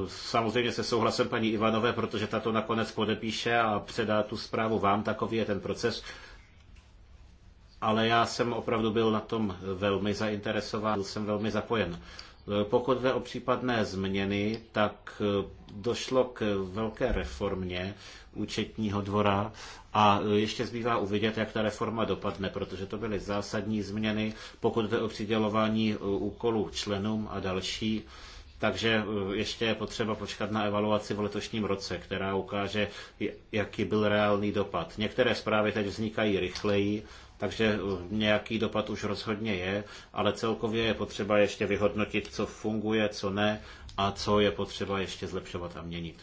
Samozřejmě se souhlasem paní Ivanové, protože tato nakonec podepíše a předá tu zprávu vám, takový je ten proces ale já jsem opravdu byl na tom velmi zainteresován, byl jsem velmi zapojen. Pokud jde o případné změny, tak eh, došlo k velké reformě účetního dvora a eh, ještě zbývá uvidět, jak ta reforma dopadne, protože to byly zásadní změny, pokud jde o přidělování eh, úkolů členům a další. Takže ještě je potřeba počkat na evaluaci v letošním roce, která ukáže, jaký byl reálný dopad. Některé zprávy teď vznikají rychleji, takže nějaký dopad už rozhodně je, ale celkově je potřeba ještě vyhodnotit, co funguje, co ne a co je potřeba ještě zlepšovat a měnit.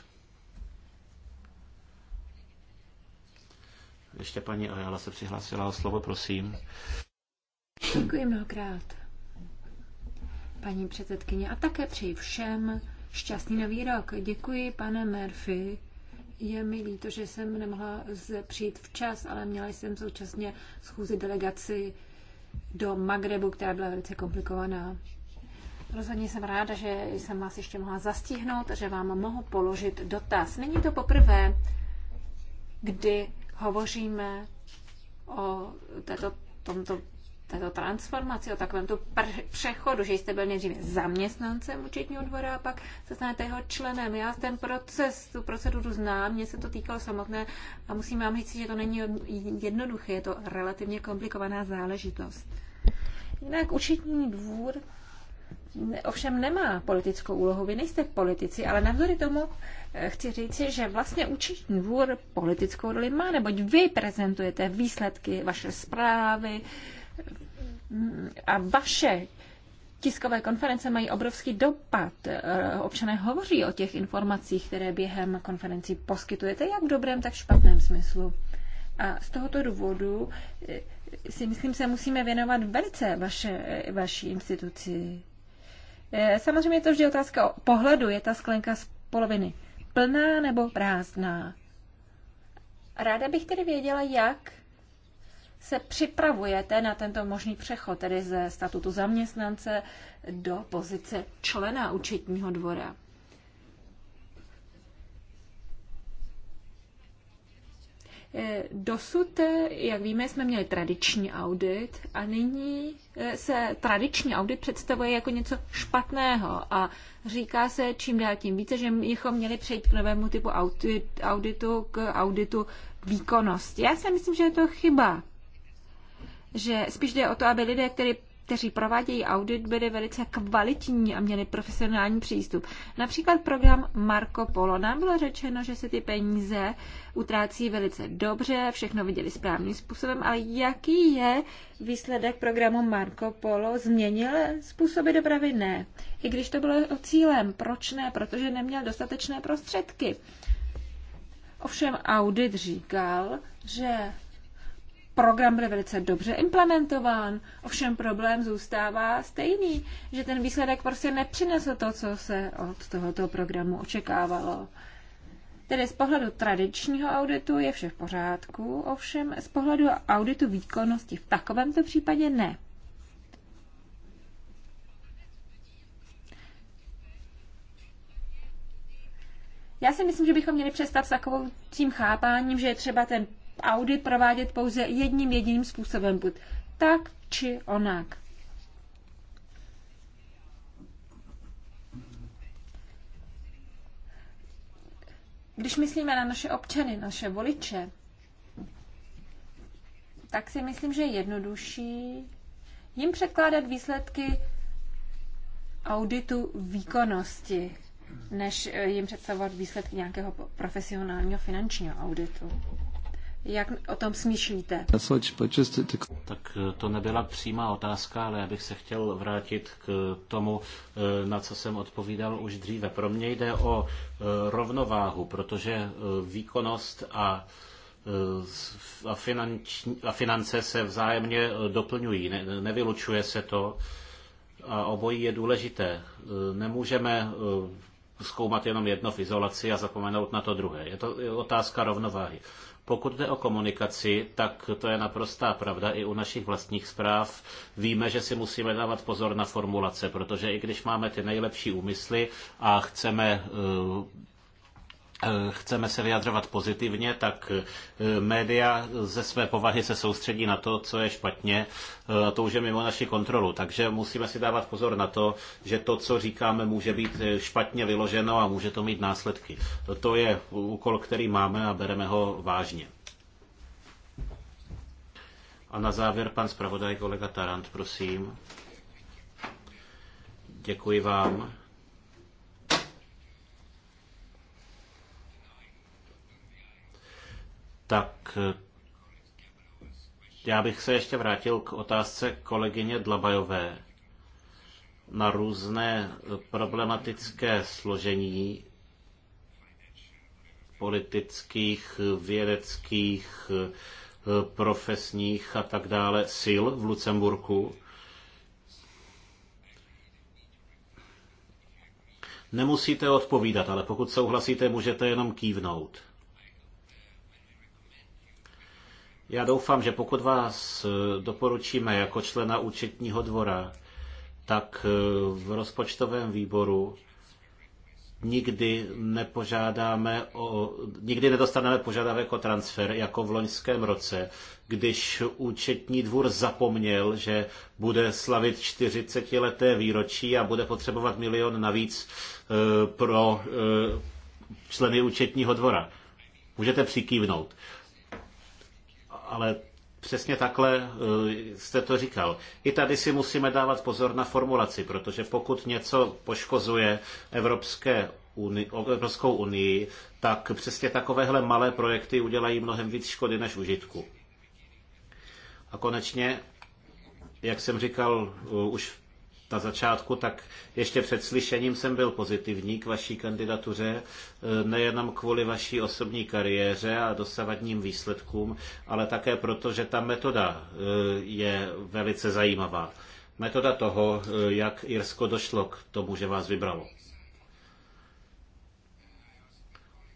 Ještě paní Ajala se přihlásila o slovo, prosím. Děkuji mnohokrát, paní předsedkyně. A také přeji všem šťastný nový rok. Děkuji, pane Murphy, je mi líto, že jsem nemohla přijít včas, ale měla jsem současně schůzi delegaci do Magrebu, která byla velice komplikovaná. Rozhodně jsem ráda, že jsem vás ještě mohla zastihnout že vám mohu položit dotaz. Není to poprvé, kdy hovoříme o této, tomto této transformaci, o takovém tu pr- přechodu, že jste byl nejdříve zaměstnancem účetního dvora a pak se stanete jeho členem. Já ten proces, tu proceduru znám, mě se to týkalo samotné a musím vám říct, že to není jednoduché, je to relativně komplikovaná záležitost. Jinak účetní dvůr ovšem nemá politickou úlohu. Vy nejste politici, ale navzdory tomu eh, chci říct, že vlastně účetní dvůr politickou roli má, neboť vy prezentujete výsledky, vaše zprávy, a vaše tiskové konference mají obrovský dopad. Eh, občané hovoří o těch informacích, které během konferenci poskytujete, jak v dobrém, tak v špatném smyslu. A z tohoto důvodu eh, si myslím, se musíme věnovat velice vaše, eh, vaší instituci. Samozřejmě je to vždy otázka o pohledu. Je ta sklenka z poloviny plná nebo prázdná? Ráda bych tedy věděla, jak se připravujete na tento možný přechod, tedy ze statutu zaměstnance do pozice člena účetního dvora? E, dosud, e, jak víme, jsme měli tradiční audit a nyní e, se tradiční audit představuje jako něco špatného a říká se čím dál tím více, že bychom měli přejít k novému typu audit, auditu, k auditu výkonnosti. Já si myslím, že je to chyba že spíš jde o to, aby lidé, kteří kteří provádějí audit, byli velice kvalitní a měli profesionální přístup. Například program Marco Polo. Nám bylo řečeno, že se ty peníze utrácí velice dobře, všechno viděli správným způsobem, ale jaký je výsledek programu Marco Polo? Změnil způsoby dopravy? Ne. I když to bylo cílem. Proč ne? Protože neměl dostatečné prostředky. Ovšem audit říkal, že program byl velice dobře implementován, ovšem problém zůstává stejný, že ten výsledek prostě nepřinesl to, co se od tohoto programu očekávalo. Tedy z pohledu tradičního auditu je vše v pořádku, ovšem z pohledu auditu výkonnosti v takovémto případě ne. Já si myslím, že bychom měli přestat s takovým tím chápáním, že je třeba ten audit provádět pouze jedním jediným způsobem, buď tak či onak. Když myslíme na naše občany, naše voliče, tak si myslím, že je jednodušší jim předkládat výsledky auditu výkonnosti, než jim představovat výsledky nějakého profesionálního finančního auditu. Jak o tom smýšlíte? Tak eh, to nebyla přímá otázka, ale já bych se chtěl vrátit k tomu, eh, na co jsem odpovídal už dříve. Pro mě jde o eh, rovnováhu, protože výkonnost a a, finanční, a finance se vzájemně doplňují, ne, nevylučuje se to a obojí je důležité. Nemůžeme zkoumat jenom jedno v izolaci a zapomenout na to druhé. Je to otázka rovnováhy. Pokud jde o komunikaci, tak to je naprostá pravda. I u našich vlastních zpráv víme, že si musíme dávat pozor na formulace, protože i když máme ty nejlepší úmysly a chceme eh, Eh, chceme se vyjadřovat pozitivně, tak eh, média ze své povahy se soustředí na to, co je špatně, eh, a to už je mimo naši kontrolu. Takže musíme si dávat pozor na to, že to, co říkáme, může být špatně vyloženo a může to mít následky. To je úkol, který máme a bereme ho vážně. A na závěr pan zpravodaj kolega Tarant, prosím. Děkuji vám. tak já bych se ještě vrátil k otázce kolegyně Dlabajové na různé problematické složení politických, vědeckých, profesních a tak dále sil v Lucemburku. Nemusíte odpovídat, ale pokud souhlasíte, můžete jenom kývnout. Já doufám, že pokud vás eh, doporučíme jako člena účetního dvora, tak eh, v rozpočtovém výboru nikdy nepožádáme o, nikdy nedostaneme požadavek o transfer jako v loňském roce, když účetní dvůr zapomněl, že bude slavit 40-leté výročí a bude potřebovat milion navíc eh, pro členy účetního dvora. Můžete přikývnout ale Přesně takhle eh, jste to říkal. I tady si musíme dávat pozor na formulaci, protože pokud něco poškozuje Evropské unii, Evropskou unii, tak přesně takovéhle malé projekty udělají mnohem víc škody než užitku. A konečně, jak jsem říkal eh, už na začátku, tak ještě před slyšením jsem byl pozitivní k vaší kandidatuře, e, nejenom kvůli vaší osobní kariéře a dosavadním výsledkům, ale také proto, že ta metoda e, je velice zajímavá. Metoda toho, e, jak Irsko došlo k tomu, že vás vybralo.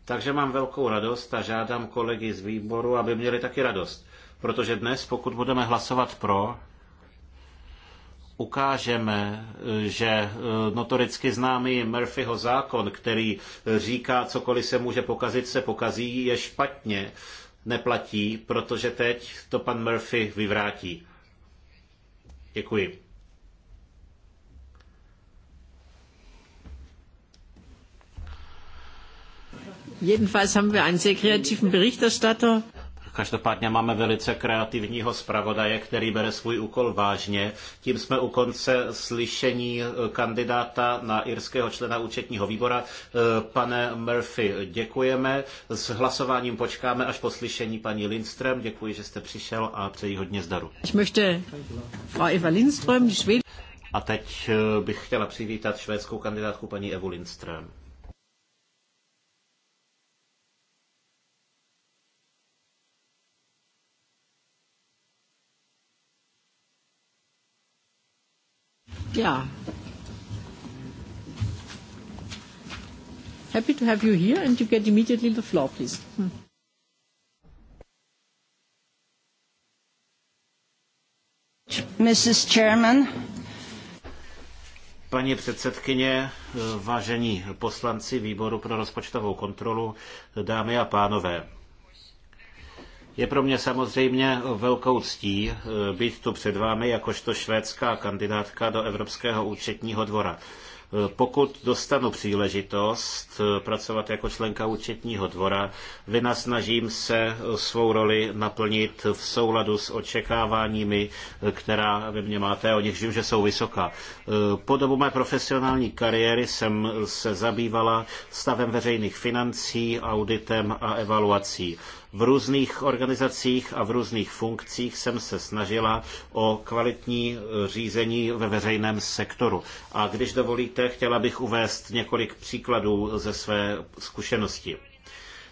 Takže mám velkou radost a žádám kolegy z výboru, aby měli taky radost. Protože dnes, pokud budeme hlasovat pro, ukážeme, že eh, notoricky známý Murphyho zákon, který eh, říká, cokoliv se může pokazit, se pokazí, je špatně, neplatí, protože teď to pan Murphy vyvrátí. Děkuji. Jedenfalls haben wir einen sehr kreativen Berichterstatter. Každopádně máme velice kreativního zpravodaje, který bere svůj úkol vážně. Tím jsme u konce slyšení eh, kandidáta na irského člena účetního výbora. Eh, pane Murphy, děkujeme. S hlasováním počkáme až po slyšení paní Lindström. Děkuji, že jste přišel a přeji hodně zdaru. A teď eh, bych chtěla přivítat švédskou kandidátku paní Evu Lindström. Ja. Happy to have you here, and you get immediately the floor, please. Hmm. Mrs. Chairman. Paní předsedkyně, vážení poslanci výboru pro rozpočtovou kontrolu, dámy a pánové. Je pro mě samozřejmě velkou ctí eh, být tu před vámi jakožto švédská kandidátka do Evropského účetního dvora. Eh, pokud dostanu příležitost eh, pracovat jako členka účetního dvora, vynasnažím se svou roli naplnit v souladu s očekáváními, která ve mně máte, o nichž vím, že jsou vysoká. Po dobu mé profesionální kariéry jsem se zabývala stavem veřejných financí, auditem a evaluací. V různých organizacích a v různých funkcích jsem se snažila o kvalitní eh, řízení ve veřejném sektoru. A když dovolíte, chtěla bych uvést několik příkladů ze své zkušenosti.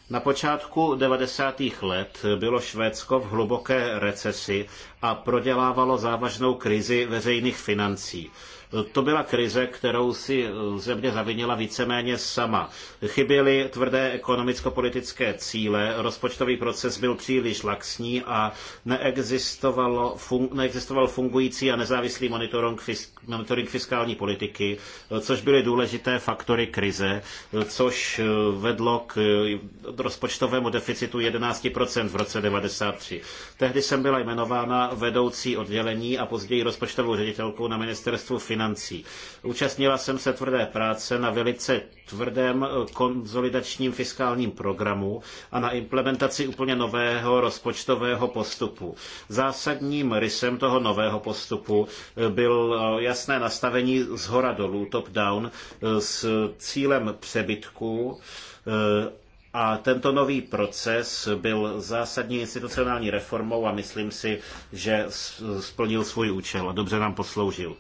Na počátku 90. let bylo Švédsko v hluboké recesi a prodělávalo závažnou krizi veřejných financí. To byla krize, kterou si země zavinila víceméně sama. Chyběly tvrdé ekonomicko-politické cíle, rozpočtový proces byl příliš laxní a neexistovalo, fun, neexistoval fungující a nezávislý monitoring, monitoring fiskální politiky, což byly důležité faktory krize, což vedlo k rozpočtovému deficitu 11% v roce 93. Tehdy jsem byla jmenována vedoucí oddělení a později rozpočtovou ředitelkou na ministerstvu financí financí. Účastnila jsem se tvrdé práce na velice tvrdém eh, konzolidačním fiskálním programu a na implementaci úplně nového rozpočtového postupu. Zásadním rysem toho nového postupu eh, byl eh, jasné nastavení z hora dolů, top down, s cílem přebytku a tento nový proces byl zásadní institucionální reformou a myslím si, že splnil svůj účel a dobře nám posloužil.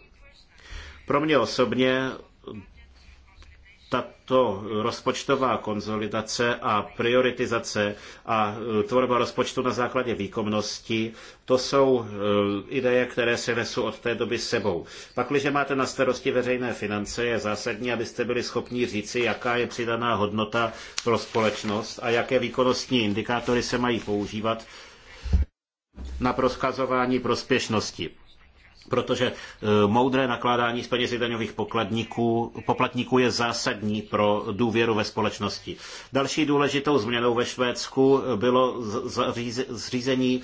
Pro mě osobně tato rozpočtová konzolidace a prioritizace a e, tvorba rozpočtu na základě výkonnosti, to jsou e, ideje, které se nesou od té doby sebou. Pakliže máte na starosti veřejné finance, je zásadní, abyste byli schopni říci, jaká je přidaná hodnota pro společnost a jaké výkonnostní indikátory se mají používat na proskazování prospěšnosti protože e, moudré nakládání s penězi daňových poplatníků je zásadní pro důvěru ve společnosti. Další důležitou změnou ve Švédsku bylo zřízení e,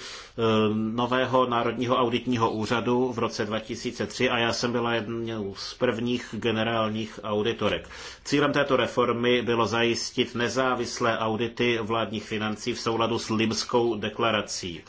nového Národního auditního úřadu v roce 2003 a já jsem byla jednou z prvních generálních auditorek. Cílem této reformy bylo zajistit nezávislé audity vládních financí v souladu s Limskou deklarací.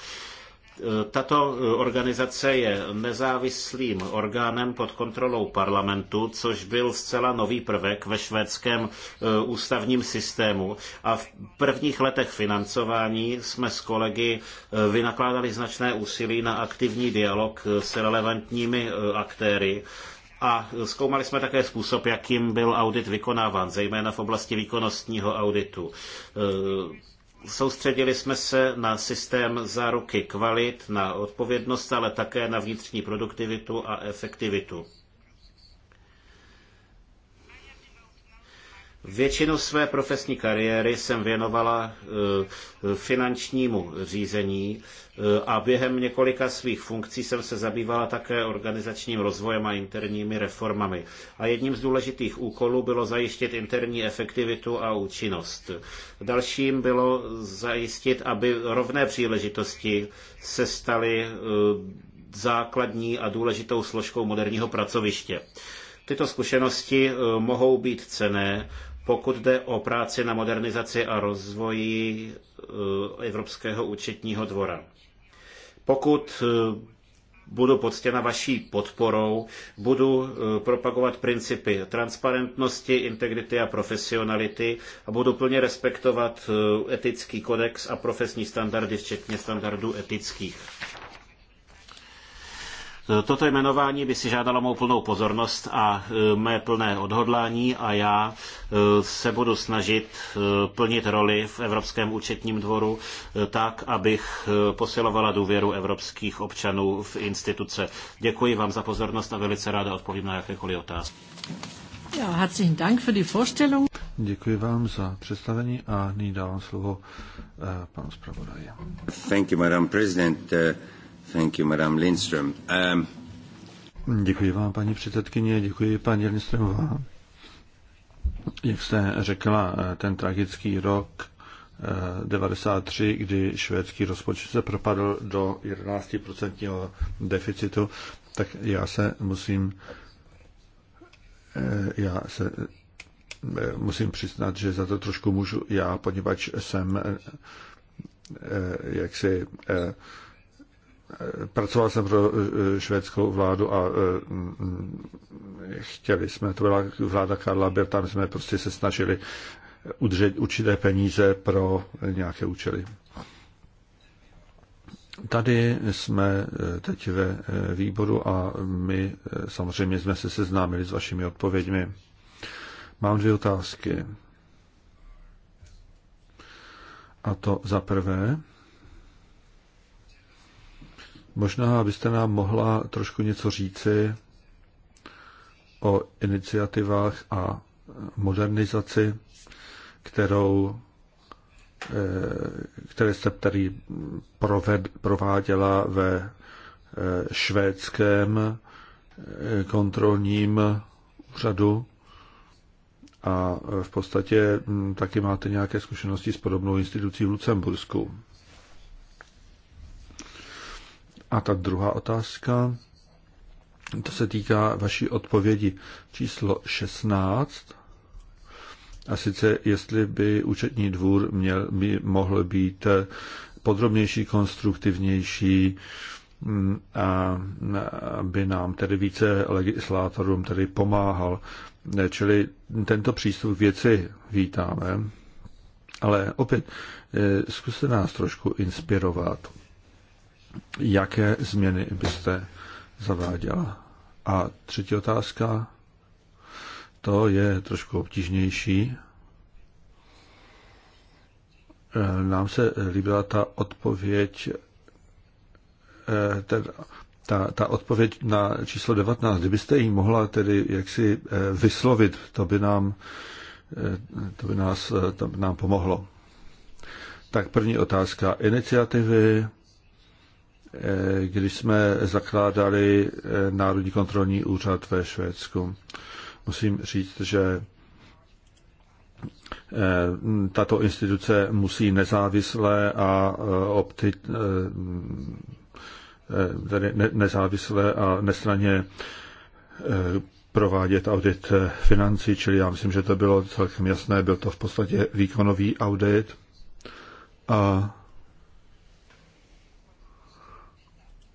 Tato eh, organizace je nezávislým orgánem pod kontrolou parlamentu, což byl zcela nový prvek ve švédském eh, ústavním systému. A v prvních letech financování jsme s kolegy eh, vynakládali značné úsilí na aktivní dialog s relevantními aktéry. A zkoumali jsme také způsob, jakým byl audit vykonáván, zejména v oblasti výkonnostního auditu. Soustředili jsme se na systém záruky kvalit, na odpovědnost, ale také na vnitřní produktivitu a efektivitu. Většinu své profesní kariéry jsem věnovala e, e, finančnímu řízení e, a během několika svých funkcí jsem se zabývala také organizačním rozvojem a interními reformami. A jedním z důležitých úkolů bylo zajistit interní efektivitu a účinnost. Dalším bylo zajistit, aby rovné příležitosti se staly základní a důležitou složkou moderního pracoviště. Tyto zkušenosti mohou být cené, pokud jde o práci na modernizaci a rozvoji eh, Evropského účetního dvora. Pokud eh, budu poctěna vaší podporou, budu eh, propagovat principy transparentnosti, integrity a profesionality a budu plně respektovat etický kodex a profesní standardy, včetně standardů etických. Toto jmenování by si žádalo mou plnou pozornost a e, mé plné odhodlání a já e, se budu snažit e, plnit roli v Evropském účetním dvoru tak, abych posilovala důvěru evropských občanů v instituce. Děkuji vám za pozornost a velice ráda odpovím na jakékoliv otázky. Ja, herzlichen Dank für die Vorstellung. Děkuji vám za představení a nyní dávám slovo uh, panu zpravodaji. Thank you, Madam President. Uh... Thank you, Lindström. Um... Děkuji vám, paní předsedkyně, děkuji paní Lindströmová. Jak jste řekla, eh, ten tragický rok 93, eh, kdy švédský rozpočet se propadl do 11% deficitu, tak já se musím eh, já se musím přiznat, že za to trošku můžu já, poněvadž jsem jaksi pracoval jsem pro eh, švédskou vládu a eh, mm, chtěli jsme, to byla vláda Karla Berta, my jsme prostě se snažili udržet určité peníze pro nějaké účely. Tady jsme eh, teď ve výboru a my samozřejmě jsme se seznámili s vašimi odpověďmi. Mám dvě otázky. A to za prvé, Možná byste nám mohla trošku něco říci o iniciativách a modernizaci, kterou, eh, které jste tady proved, prováděla ve eh, švédském eh, kontrolním úřadu a v podstatě hm, taky máte nějaké zkušenosti s podobnou institucí v Lucembursku. A ta druhá otázka, to se týká vaší odpovědi číslo 16. A sice, jestli by účetní dvůr měl, by mohl být podrobnější, konstruktivnější, mm, a aby nám tedy více legislátorům tedy pomáhal. Čili tento přístup věci vítáme, ale opět eh, zkuste nás trošku inspirovat jaké změny byste zaváděla? A třetí otázka, to je trošku obtížnější. Eh, nám se líbila ta odpověď, eh, ten, ta, ta odpověď na číslo 19. Kdybyste ji mohla tedy jaksi eh, vyslovit, to by nám, to by nás, to by nám pomohlo. Tak první otázka. Iniciativy Eh, když jsme zakládali eh, Národní kontrolní úřad ve Švédsku. Musím říct, že eh, tato instituce musí nezávisle a opti, tedy nezávisle a nestraně provádět audit financí, čili já myslím, že to bylo celkem jasné, byl to v podstatě výkonový audit a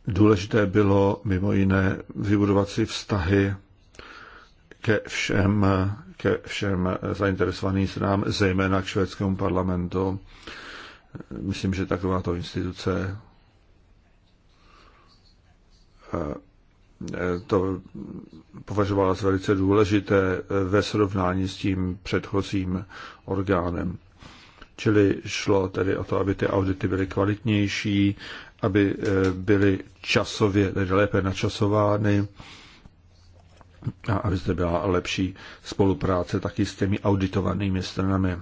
Důležité bylo mimo jiné vybudovat si vztahy ke všem, ke všem zainteresovaným stranám, zejména k švédskému parlamentu. Myslím, že takováto instituce eh, to považovala za velice důležité ve srovnání s tím předchozím orgánem. Čili šlo tedy o to, aby ty audity byly kvalitnější, aby eh, byly časově, tedy lépe načasovány a aby zde byla lepší spolupráce taky s těmi auditovanými stranami.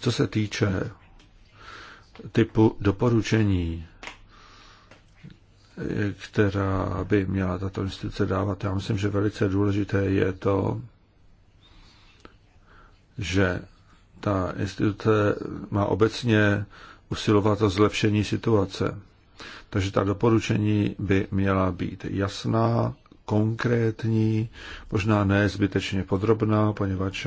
Co se týče typu doporučení, která by měla tato instituce dávat, já myslím, že velice důležité je to, že ta instituce má obecně usilovat o zlepšení situace. Takže ta doporučení by měla být jasná, konkrétní, možná ne zbytečně podrobná, poněvadž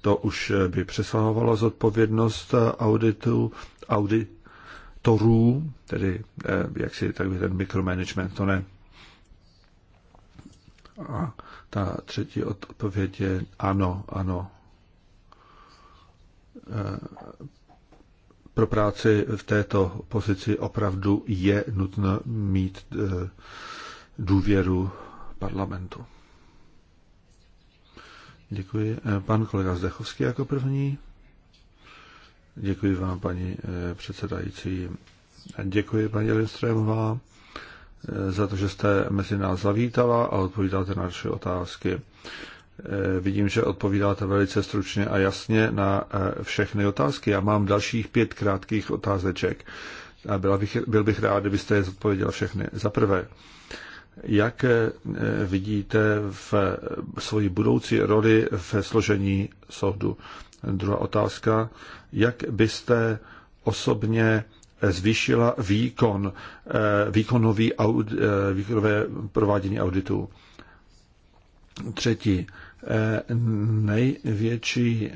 to už by přesahovalo zodpovědnost auditu, auditorů, tedy eh, jak si tak by ten mikromanagement, to ne. A ta třetí odpověď je ano, ano. Eh, pro práci v této pozici opravdu je nutno mít eh, důvěru parlamentu. Děkuji. Eh, pan kolega Zdechovský jako první. Děkuji vám, paní eh, předsedající. Děkuji, paní Lindströmová, za to, že jste mezi nás zavítala a odpovídáte na naše otázky. Eh, vidím, že odpovídáte velice stručně a jasně na eh, všechny otázky. Já mám dalších pět krátkých otázeček a byla bych, byl bych rád, kdybyste je zodpověděl všechny. Za prvé, jak eh, vidíte v svoji budoucí roli v složení soudu? Druhá otázka, jak byste osobně zvýšila výkon, výkonový výkonové provádění auditů? Třetí, Eh, největší eh,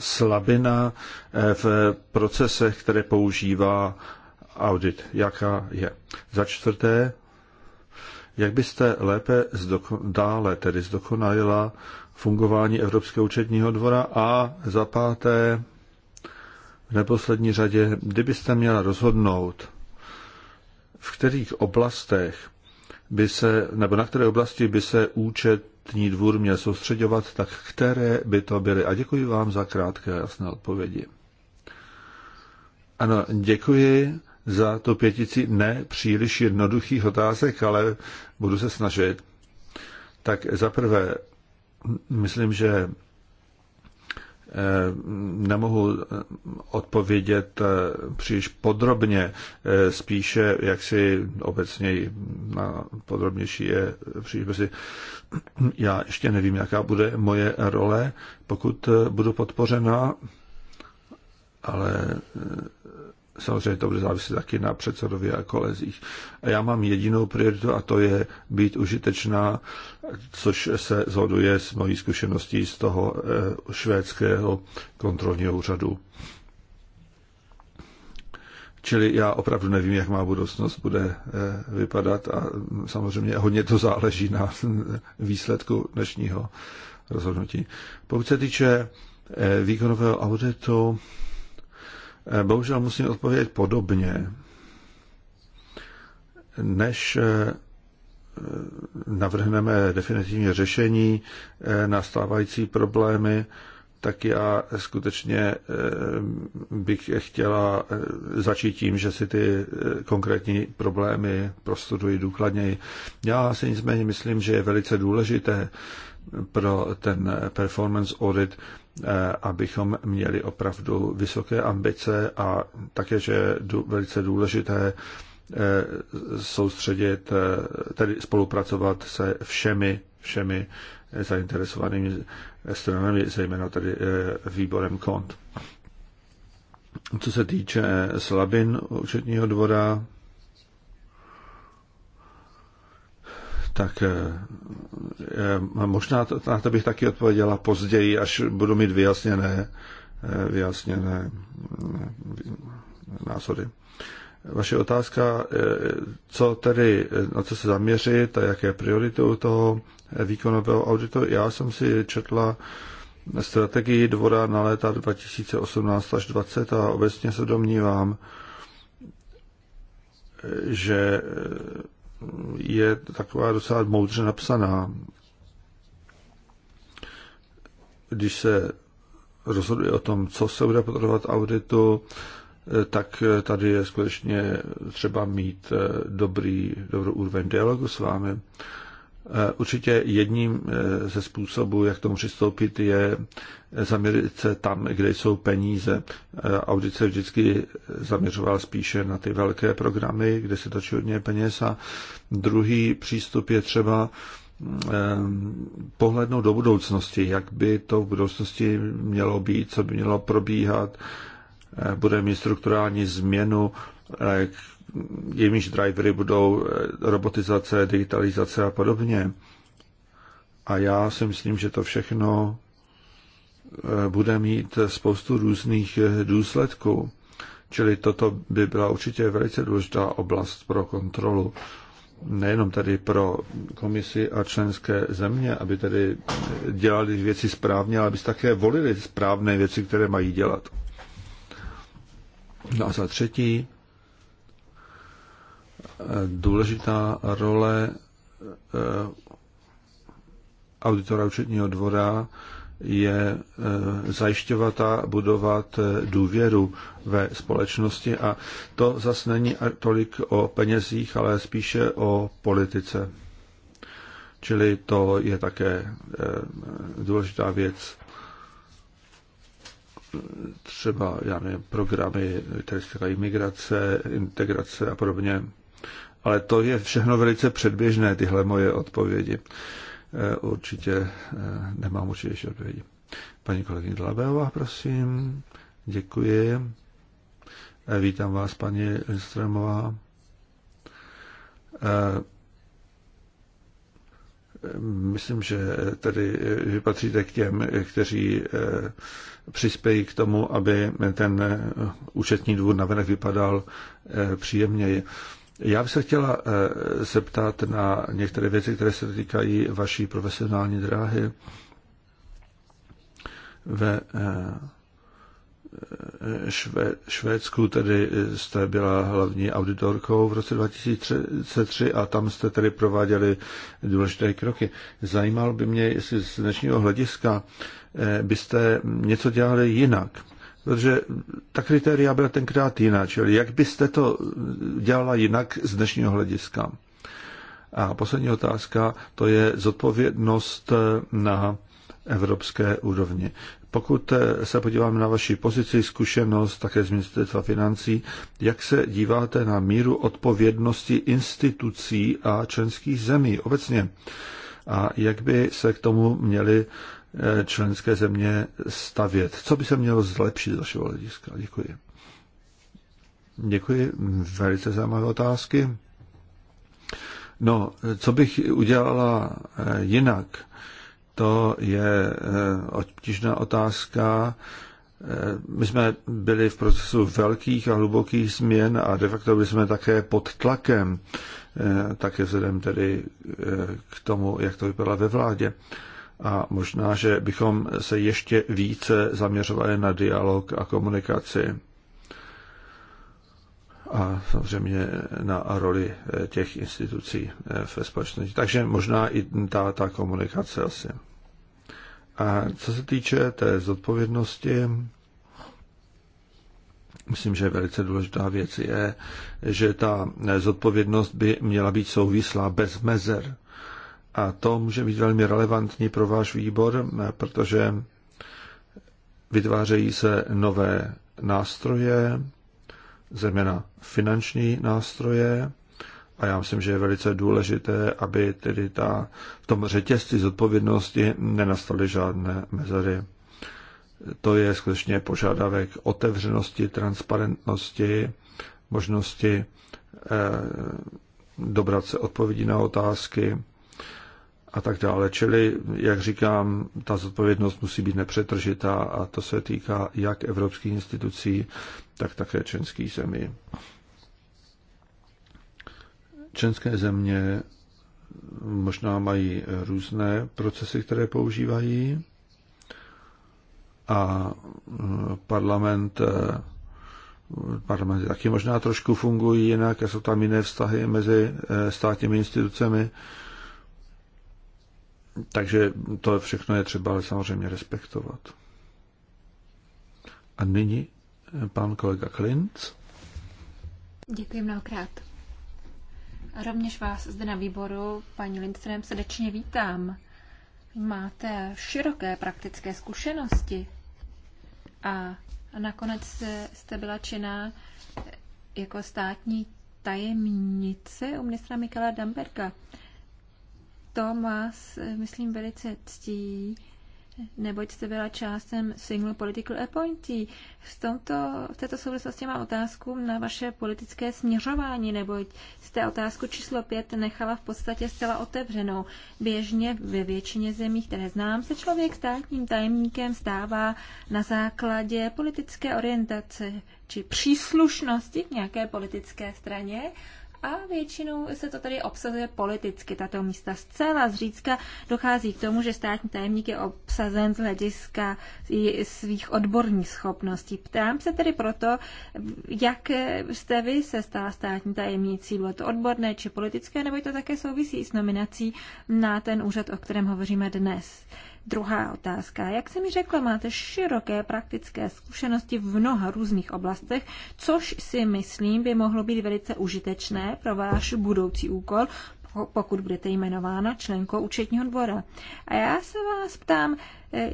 slabina eh, v procesech, které používá audit. Jaká je? Za čtvrté, jak byste lépe dále tedy zdokonalila fungování Evropského účetního dvora a za páté, v neposlední řadě, kdybyste měla rozhodnout, v kterých oblastech by se, nebo na které oblasti by se účet Tní dvůr měl soustředovat, tak které by to byly? A děkuji vám za krátké a jasné odpovědi. Ano, děkuji za to pětici ne příliš jednoduchých otázek, ale budu se snažit. Tak za prvé, myslím, že nemohu eh, odpovědět eh, příliš podrobně, eh, spíše jak si obecněji na podrobnější je příliš brzy. Já ještě nevím, jaká bude moje role, pokud budu podpořena, ale samozřejmě to bude záviset taky na předsedově a kolezích. A já mám jedinou prioritu a to je být užitečná, což se zhoduje s mojí zkušeností z toho eh, švédského kontrolního úřadu. Čili já opravdu nevím, jak má budoucnost bude eh, vypadat a mm, samozřejmě hodně to záleží na výsledku dnešního rozhodnutí. Pokud se týče eh, výkonového auditu, Eh, bohužel musím odpovědět podobně, než eh, navrhneme definitivní řešení eh, na stávající problémy, tak já skutečně bych chtěla začít tím, že si ty konkrétní problémy prostuduji důkladněji. Já si nicméně myslím, že je velice důležité pro ten performance audit Eh, abychom měli opravdu vysoké ambice a také, že je velice důležité eh, soustředit, eh, tedy spolupracovat se všemi, všemi zainteresovanými stranami, zejména tedy výborem kont. Co se týče slabin účetního dvora, tak eh, eh, možná na to bych taky odpověděla později, až budu mít vyjasněné, eh, vyjasněné mm, názory. Vaše otázka, co tedy, na co se zaměřit a jaké priority u toho výkonového auditu. Já jsem si četla strategii dvora na léta 2018 až 2020 a obecně se domnívám, že je taková docela moudře napsaná. Když se rozhoduje o tom, co se bude podporovat auditu, eh, tak eh, tady je skutečně třeba mít eh, dobrý, dobrou úroveň dialogu s vámi. E, určitě jedním e, ze způsobů, jak tomu přistoupit, je zaměřit se tam, kde jsou peníze. E, audit se vždycky zaměřoval spíše na ty velké programy, kde se točí hodně peněz a druhý přístup je třeba pohlednout do budoucnosti, jak by to v budoucnosti mělo být, co by mělo probíhat, bude mít strukturální změnu, jimiž drivery budou eh, robotizace, digitalizace a podobně. A já si myslím, že to všechno eh, bude mít spoustu různých eh, důsledků. Čili toto by byla určitě velice důležitá oblast pro kontrolu. Nejenom tedy pro komisi a členské země, aby tedy dělali věci správně, ale aby také volili správné věci, které mají dělat. No a za třetí, důležitá role eh, auditora účetního dvora je eh, zajišťovat a budovat eh, důvěru ve společnosti a to zas není tolik o penězích, ale spíše o politice. Čili to je také důležitá věc. Třeba já nevím, programy, které se týkají migrace, integrace a podobně. Ale to je všechno velice předběžné, tyhle moje odpovědi. E, určitě e, nemám určitě odpovědi. Paní kolegyně Dlabeová, prosím. Děkuji. E, vítám vás, paní Lindströmová. Myslím, že tedy vypatříte k těm, kteří přispějí k tomu, aby ten účetní dvůr navenek vypadal příjemněji. Já bych se chtěla eh, zeptat na některé věci, které se týkají vaší profesionální dráhy. Ve eh, Šve, Švédsku tedy jste byla hlavní auditorkou v roce 2003 a tam jste tedy prováděli důležité kroky. Zajímalo by mě, jestli z dnešního hlediska eh, byste něco dělali jinak Protože ta kritéria byla tenkrát jiná, čili jak byste to dělala jinak z dnešního hlediska? A poslední otázka, to je zodpovědnost na evropské úrovni. Pokud se podíváme na vaši pozici, zkušenost také z ministerstva financí, jak se díváte na míru odpovědnosti institucí a členských zemí obecně? A jak by se k tomu měli členské země stavět. Co by se mělo zlepšit z vašeho hlediska? Děkuji. Děkuji. Velice zajímavé otázky. No, co bych udělala eh, jinak, to je eh, obtížná otázka. Eh, my jsme byli v procesu velkých a hlubokých změn a de facto byli jsme také pod tlakem, také vzhledem tedy k tomu, jak to vypadalo ve vládě a možná, že bychom se ještě více zaměřovali na dialog a komunikaci a samozřejmě na roli eh, těch institucí eh, ve společnosti. Takže možná i ta, ta komunikace asi. A co se týče té zodpovědnosti, myslím, že velice důležitá věc je, že ta eh, zodpovědnost by měla být souvislá bez mezer. A to může být velmi relevantní pro váš výbor, protože vytvářejí se nové nástroje, zejména finanční nástroje, a já myslím, že je velice důležité, aby tedy ta, v tom řetězci zodpovědnosti nenastaly žádné mezery. To je skutečně požadavek otevřenosti, transparentnosti, možnosti eh, dobrat se odpovědi na otázky a tak dále. Čili, jak říkám, ta zodpovědnost musí být nepřetržitá a to se týká jak evropských institucí, tak také členských zemí. Členské země možná mají různé procesy, které používají a mm, parlament eh, taky možná trošku fungují jinak jsou tam jiné vztahy mezi eh, státními institucemi. Takže to všechno je třeba samozřejmě respektovat. A nyní eh, pan kolega Klinc. Děkuji mnohokrát. A rovněž vás zde na výboru, paní Lindström, srdečně vítám. Máte široké praktické zkušenosti a nakonec jste byla činná jako státní tajemnice u ministra Michaela Damberga to vás, eh, myslím, velice ctí, neboť jste byla částem Single Political Appointee. V, tomto, v této souvislosti mám otázku na vaše politické směřování, neboť jste otázku číslo pět nechala v podstatě zcela otevřenou. Běžně ve většině zemí, které znám, se člověk státním tajemníkem stává na základě politické orientace či příslušnosti k nějaké politické straně a většinou se to tady obsazuje politicky, tato místa. Zcela zřídka dochází k tomu, že státní tajemník je obsazen z hlediska svých odborných schopností. Ptám se tedy proto, jak jste vy se stala státní tajemnicí, bylo to odborné či politické, nebo to také souvisí s nominací na ten úřad, o kterém hovoříme dnes. Druhá otázka. Jak jsem mi řekla, máte široké praktické zkušenosti v mnoha různých oblastech, což si myslím by mohlo být velice užitečné pro váš budoucí úkol, pokud budete jmenována členkou účetního dvora. A já se vás ptám, eh,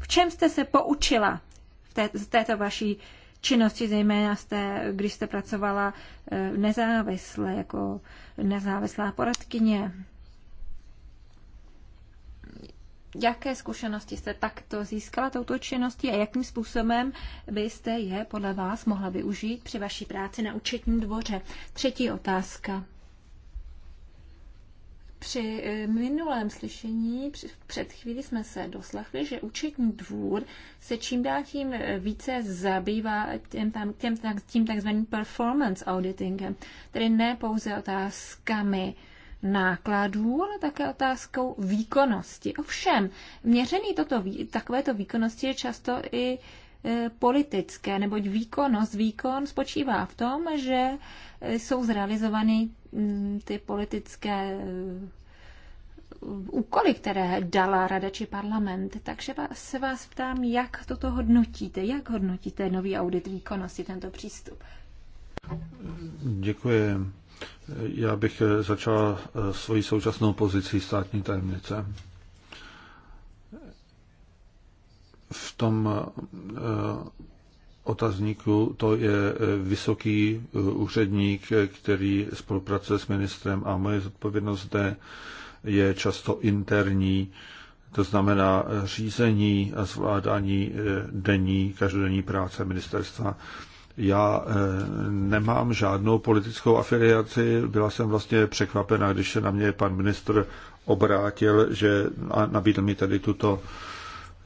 v čem jste se poučila v té, z této vaší činnosti, zejména jste, když jste pracovala eh, nezávisle, jako nezávislá poradkyně? Jaké zkušenosti jste takto získala touto činností a jakým způsobem byste je podle vás mohla využít při vaší práci na účetním dvoře? Třetí otázka. Při eh, minulém slyšení před chvíli jsme se doslechli, že účetní dvůr se čím dál tím eh, více zabývá tím, tam, tím, tím takzvaným performance auditingem, tedy ne pouze otázkami nákladů, ale také otázkou výkonnosti. Ovšem, měřený toto, takovéto výkonnosti je často i e, politické, neboť výkonnost, výkon spočívá v tom, že e, jsou zrealizovány mm, ty politické e, úkoly, které dala Rada či parlament. Takže se vás ptám, jak toto hodnotíte, jak hodnotíte nový audit výkonnosti, tento přístup? Děkuji. Já bych eh, začala eh, svoji současnou pozici státní tajemnice. V tom eh, otazníku to je vysoký úředník, který spolupracuje s ministrem a moje zodpovědnost zde je často interní, to znamená řízení a zvládání denní, každodenní práce ministerstva. Já eh, nemám žádnou politickou afiliaci, byla jsem vlastně překvapena, když se na mě pan ministr obrátil, že a nabídl mi tady tuto,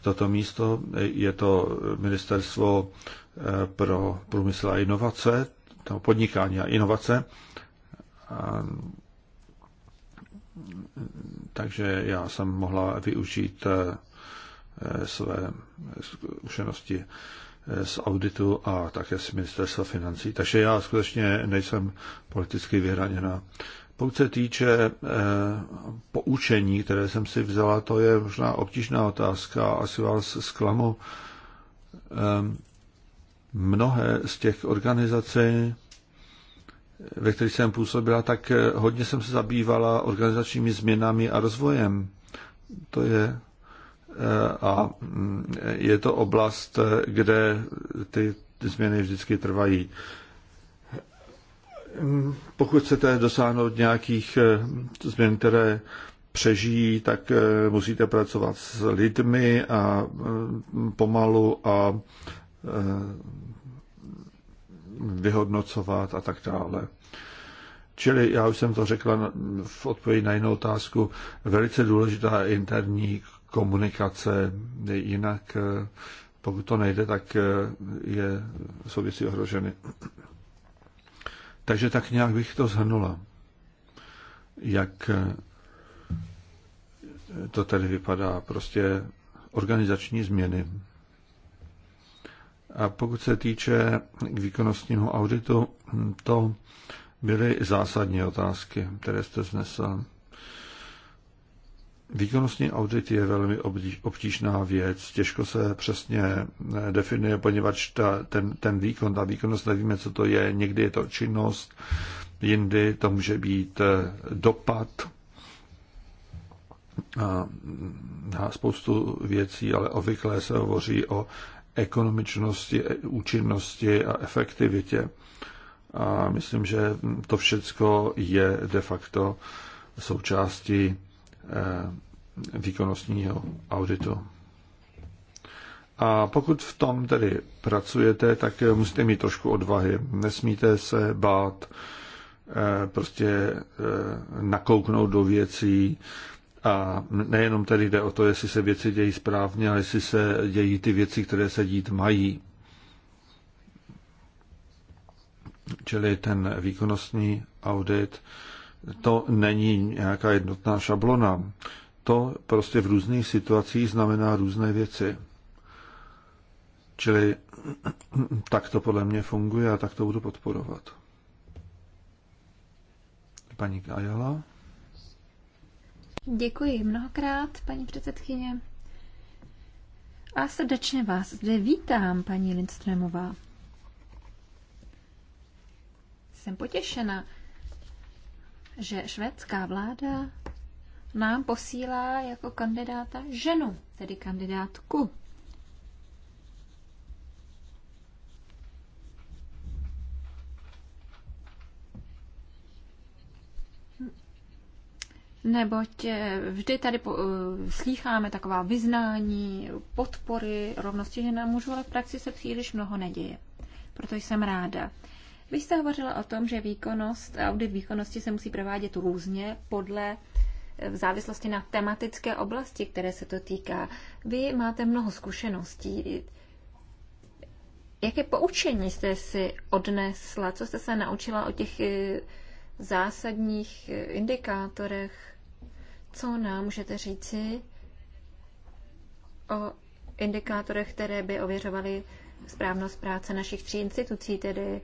toto místo. Je to ministerstvo eh, pro průmysl a inovace, to podnikání a inovace. A, takže já jsem mohla využít eh, své zkušenosti z auditu a také z ministerstva financí. Takže já skutečně nejsem politicky vyhraněná. Pokud se týče e, poučení, které jsem si vzala, to je možná obtížná otázka. Asi vás zklamu. E, mnohé z těch organizací, ve kterých jsem působila, tak eh, hodně jsem se zabývala organizačními změnami a rozvojem. To je a mm, je to oblast, kde ty změny vždycky trvají. Mm, pokud chcete dosáhnout nějakých eh, změn, které přežijí, tak eh, musíte pracovat s lidmi a mm, pomalu a eh, vyhodnocovat a tak dále. Čili, já už jsem to řekla v odpovědi na jinou otázku, velice důležitá interní komunikace. Jinak, pokud to nejde, tak je, jsou věci ohroženy. Takže tak nějak bych to zhrnula. Jak to tedy vypadá? Prostě organizační změny. A pokud se týče výkonnostního auditu, to byly zásadní otázky, které jste znesl. Výkonnostní audit je velmi obtížná věc, těžko se přesně eh, definuje, poněvadž ta, ten, ten výkon, ta výkonnost, nevíme, co to je, někdy je to činnost, jindy to může být eh, dopad a na mm, spoustu věcí, ale obvykle se hovoří o ekonomičnosti, e, účinnosti a efektivitě. A myslím, že to všecko je de facto součástí Eh, výkonnostního auditu. A pokud v tom tedy pracujete, tak musíte mít trošku odvahy. Nesmíte se bát eh, prostě eh, nakouknout do věcí a nejenom tedy jde o to, jestli se věci dějí správně, ale jestli se dějí ty věci, které se dít mají. Čili ten výkonnostní audit to není nějaká jednotná šablona. To prostě v různých situacích znamená různé věci. Čili tak to podle mě funguje a tak to budu podporovat. Paní Kajala. Děkuji mnohokrát, paní předsedkyně. A srdečně vás zde vítám, paní Lindströmová. Jsem potěšena, že švédská vláda nám posílá jako kandidáta ženu, tedy kandidátku. Neboť eh, vždy tady po, uh, slýcháme taková vyznání, podpory, rovnosti žen a mužů, ale v praxi se příliš mnoho neděje. Proto jsem ráda, vy jste hovořila o tom, že výkonnost, audit výkonnosti se musí provádět různě podle eh, v závislosti na tematické oblasti, které se to týká. Vy máte mnoho zkušeností. Jaké poučení jste si odnesla? Co jste se naučila o těch eh, zásadních eh, indikátorech? Co nám můžete říci o indikátorech, které by ověřovaly správnost práce našich tří institucí, tedy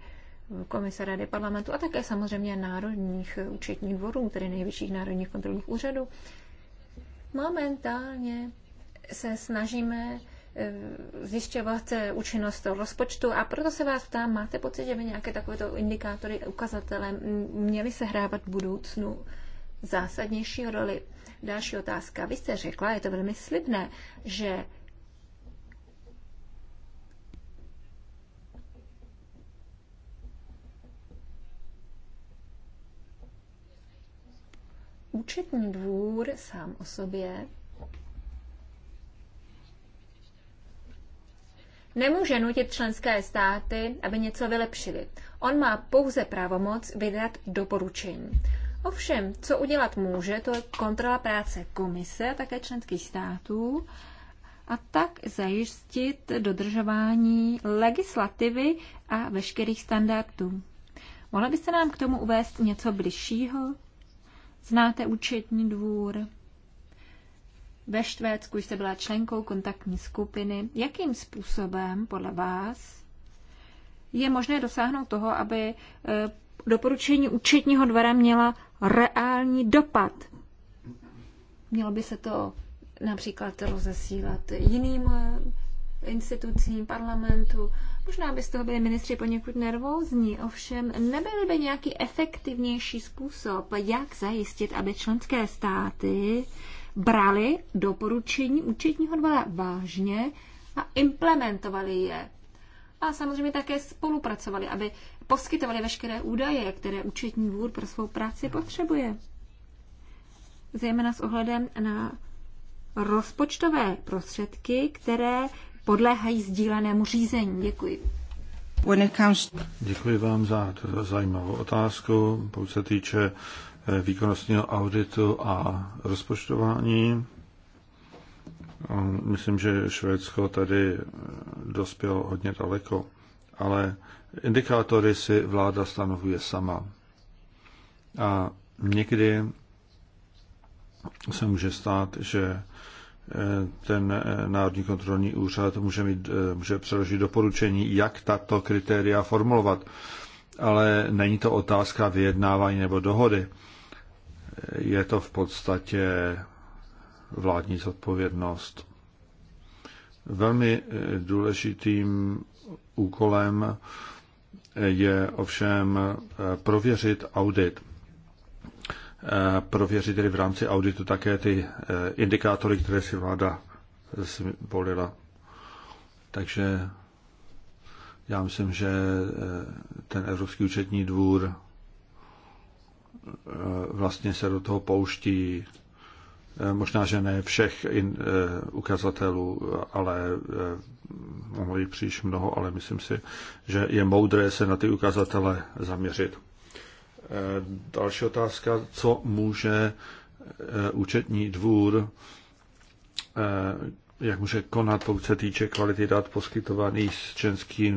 komise Rady parlamentu a také samozřejmě národních účetních dvorů, tedy nejvyšších národních kontrolních úřadů, momentálně se snažíme eh, zjišťovat eh, účinnost rozpočtu a proto se vás ptám, máte pocit, že by nějaké takovéto indikátory, ukazatele měly hrávat v budoucnu zásadnější roli? Další otázka. Vy jste řekla, je to velmi slibné, že účetní dvůr sám o sobě nemůže nutit členské státy, aby něco vylepšili. On má pouze právomoc vydat doporučení. Ovšem, co udělat může, to je kontrola práce komise, a také členských států, a tak zajistit dodržování legislativy a veškerých standardů. Mohla byste nám k tomu uvést něco bližšího? Znáte účetní dvůr? Ve Švédsku jste byla členkou kontaktní skupiny. Jakým způsobem, podle vás, je možné dosáhnout toho, aby eh, doporučení účetního dvora měla reální dopad? Mělo by se to například rozesílat jiným eh, institucím, parlamentu. Možná by z toho byli ministři poněkud nervózní, ovšem nebyl by nějaký efektivnější způsob, jak zajistit, aby členské státy brali doporučení účetního dvora vážně a implementovali je. A samozřejmě také spolupracovali, aby poskytovali veškeré údaje, které účetní dvůr pro svou práci potřebuje. Zejména s ohledem na rozpočtové prostředky, které podléhají sdílenému řízení. Děkuji. Děkuji vám za zajímavou otázku. Pokud se týče eh, výkonnostního auditu a rozpočtování, ehm, myslím, že Švédsko tady eh, dospělo hodně daleko, ale indikátory si vláda stanovuje sama. A někdy se může stát, že ten eh, Národní kontrolní úřad může, mít, eh, může přeložit doporučení, jak tato kritéria formulovat. Ale není to otázka vyjednávání nebo dohody. Je to v podstatě vládní zodpovědnost. Velmi eh, důležitým úkolem je ovšem prověřit audit. Eh, prověřit tedy v rámci auditu také ty eh, indikátory, které si vláda volila. Takže já myslím, že eh, ten Evropský účetní dvůr vlastně se do toho pouští možná, že ne všech in, ukazatelů, ale mohlo jich příliš mnoho, ale myslím si, že je moudré se na ty ukazatele zaměřit. Eh, další otázka, co může eh, účetní dvůr, eh, jak může konat, pokud se týče kvality dat poskytovaných z členských,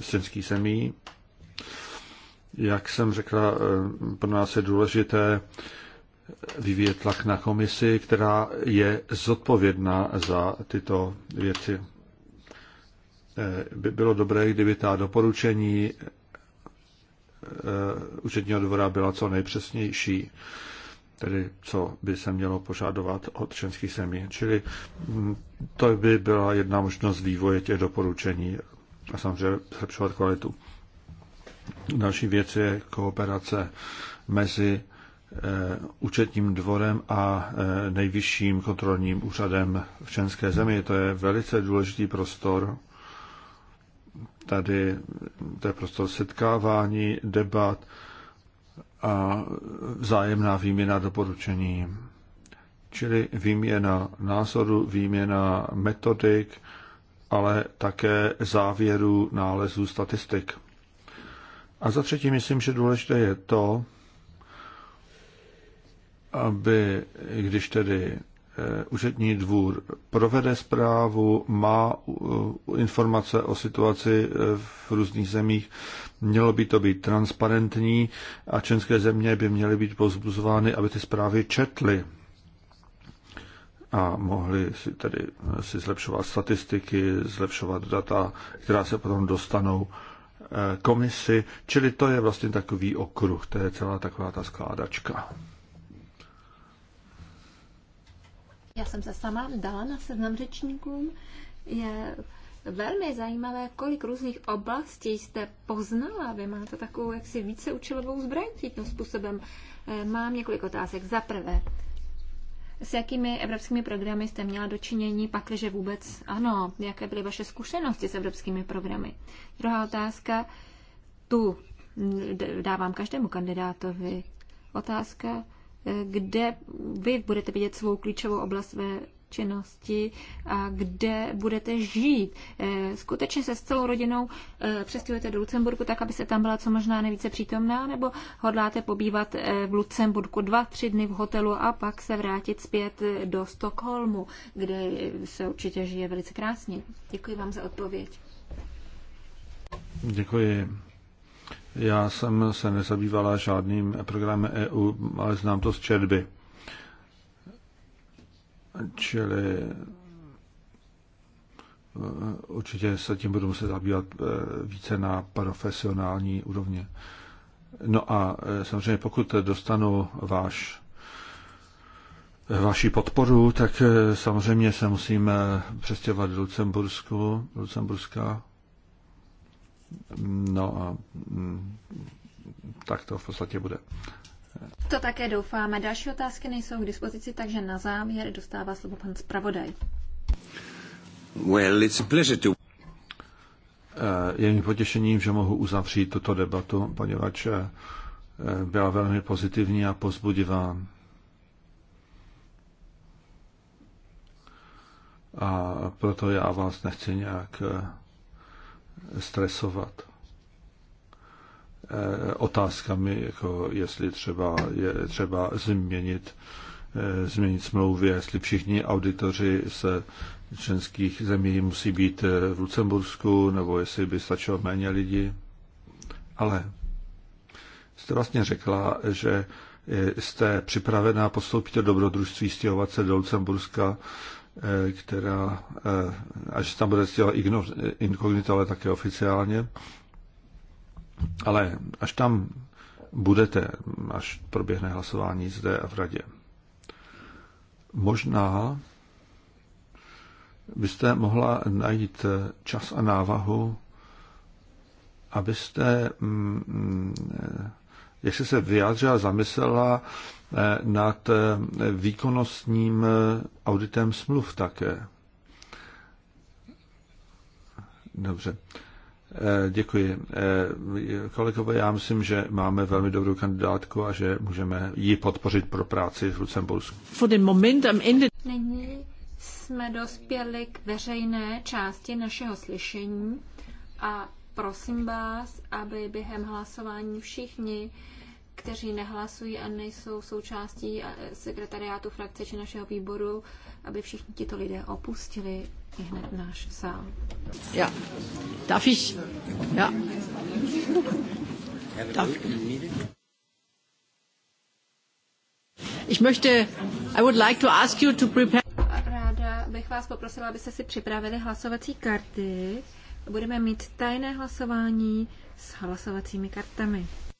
z zemí. Jak jsem řekla, pro nás je důležité vyvíjet tlak na komisi, která je zodpovědná za tyto věci. By bylo dobré, kdyby ta doporučení Eh, úředního dvora byla co nejpřesnější, tedy co by se mělo požadovat od členských zemí. Čili mm, to by byla jedna možnost vývoje těch doporučení a samozřejmě zlepšovat kvalitu. Další věc je kooperace mezi eh, účetním dvorem a eh, nejvyšším kontrolním úřadem v členské zemi. To je velice důležitý prostor Tady to je prostor setkávání, debat a vzájemná výměna doporučení. Čili výměna názoru, výměna metodik, ale také závěrů nálezů statistik. A za třetí myslím, že důležité je to, aby když tedy Eh, úřední dvůr provede zprávu, má eh, informace o situaci eh, v různých zemích, mělo by to být transparentní a české země by měly být pozbuzovány, aby ty zprávy četly a mohli si tedy si zlepšovat statistiky, zlepšovat data, která se potom dostanou komisi, čili to je vlastně takový okruh, to je celá taková ta skládačka. Já jsem se sama dala na seznam řečníkům. Je velmi zajímavé, kolik různých oblastí jste poznala. Vy máte takovou jaksi víceúčelovou zbraň tímto způsobem. Eh, mám několik otázek. Za prvé, s jakými evropskými programy jste měla dočinění, pakliže vůbec ano, jaké byly vaše zkušenosti s evropskými programy? Druhá otázka, tu dávám každému kandidátovi. Otázka, kde vy budete vidět svou klíčovou oblast ve činnosti a kde budete žít. Eh, skutečně se s celou rodinou eh, přestěhujete do Lucemburku tak, aby se tam byla co možná nejvíce přítomná, nebo hodláte pobývat eh, v Lucemburku dva, tři dny v hotelu a pak se vrátit zpět do Stockholmu, kde se určitě žije velice krásně. Děkuji vám za odpověď. Děkuji. Já jsem se nezabývala žádným programem EU, ale znám to z četby. Čili eh, určitě se tím budu muset zabývat eh, více na profesionální úrovni. No a eh, samozřejmě pokud dostanu váš vaši podporu, tak samozřejmě se musím přestěhovat do Lucembursku, Lucemburska. No a mm, tak to v podstatě bude. To také doufáme. Další otázky nejsou k dispozici, takže na závěr dostává slovo pan zpravodaj. Well, it's a pleasure to... Eh, je mi potěšením, že mohu uzavřít tuto debatu, poněvadž eh, eh, byla velmi pozitivní a pozbudivá. A proto já vás nechci nějak stresovat eh, otázkami, jako jestli třeba je třeba změnit, eh, změnit smlouvy, jestli všichni auditoři se členských zemí musí být eh, v Lucembursku, nebo jestli by stačilo méně lidí. Ale jste vlastně řekla, že jste připravená postoupit do dobrodružství, stěhovat se do Lucemburska, Eh, která, eh, až tam bude stěla inkognito, ale také oficiálně. Ale až tam budete, až proběhne hlasování zde a v radě, možná byste mohla najít čas a návahu, abyste, mm, mm, eh, jak se vyjádřila, zamyslela nad výkonnostním auditem smluv také. Dobře. Děkuji. Kolegové, já myslím, že máme velmi dobrou kandidátku a že můžeme ji podpořit pro práci v Lucembursku. Nyní jsme dospěli k veřejné části našeho slyšení a prosím vás, aby během hlasování všichni kteří nehlasují a nejsou součástí eh, sekretariátu frakce či našeho výboru, aby všichni tito lidé opustili i hned náš sál. Ja. Darf ich? Ja. Darf. Ich möchte, I would like to ask you to prepare... Ráda bych vás poprosila, abyste si připravili hlasovací karty. Budeme mít tajné hlasování s hlasovacími kartami.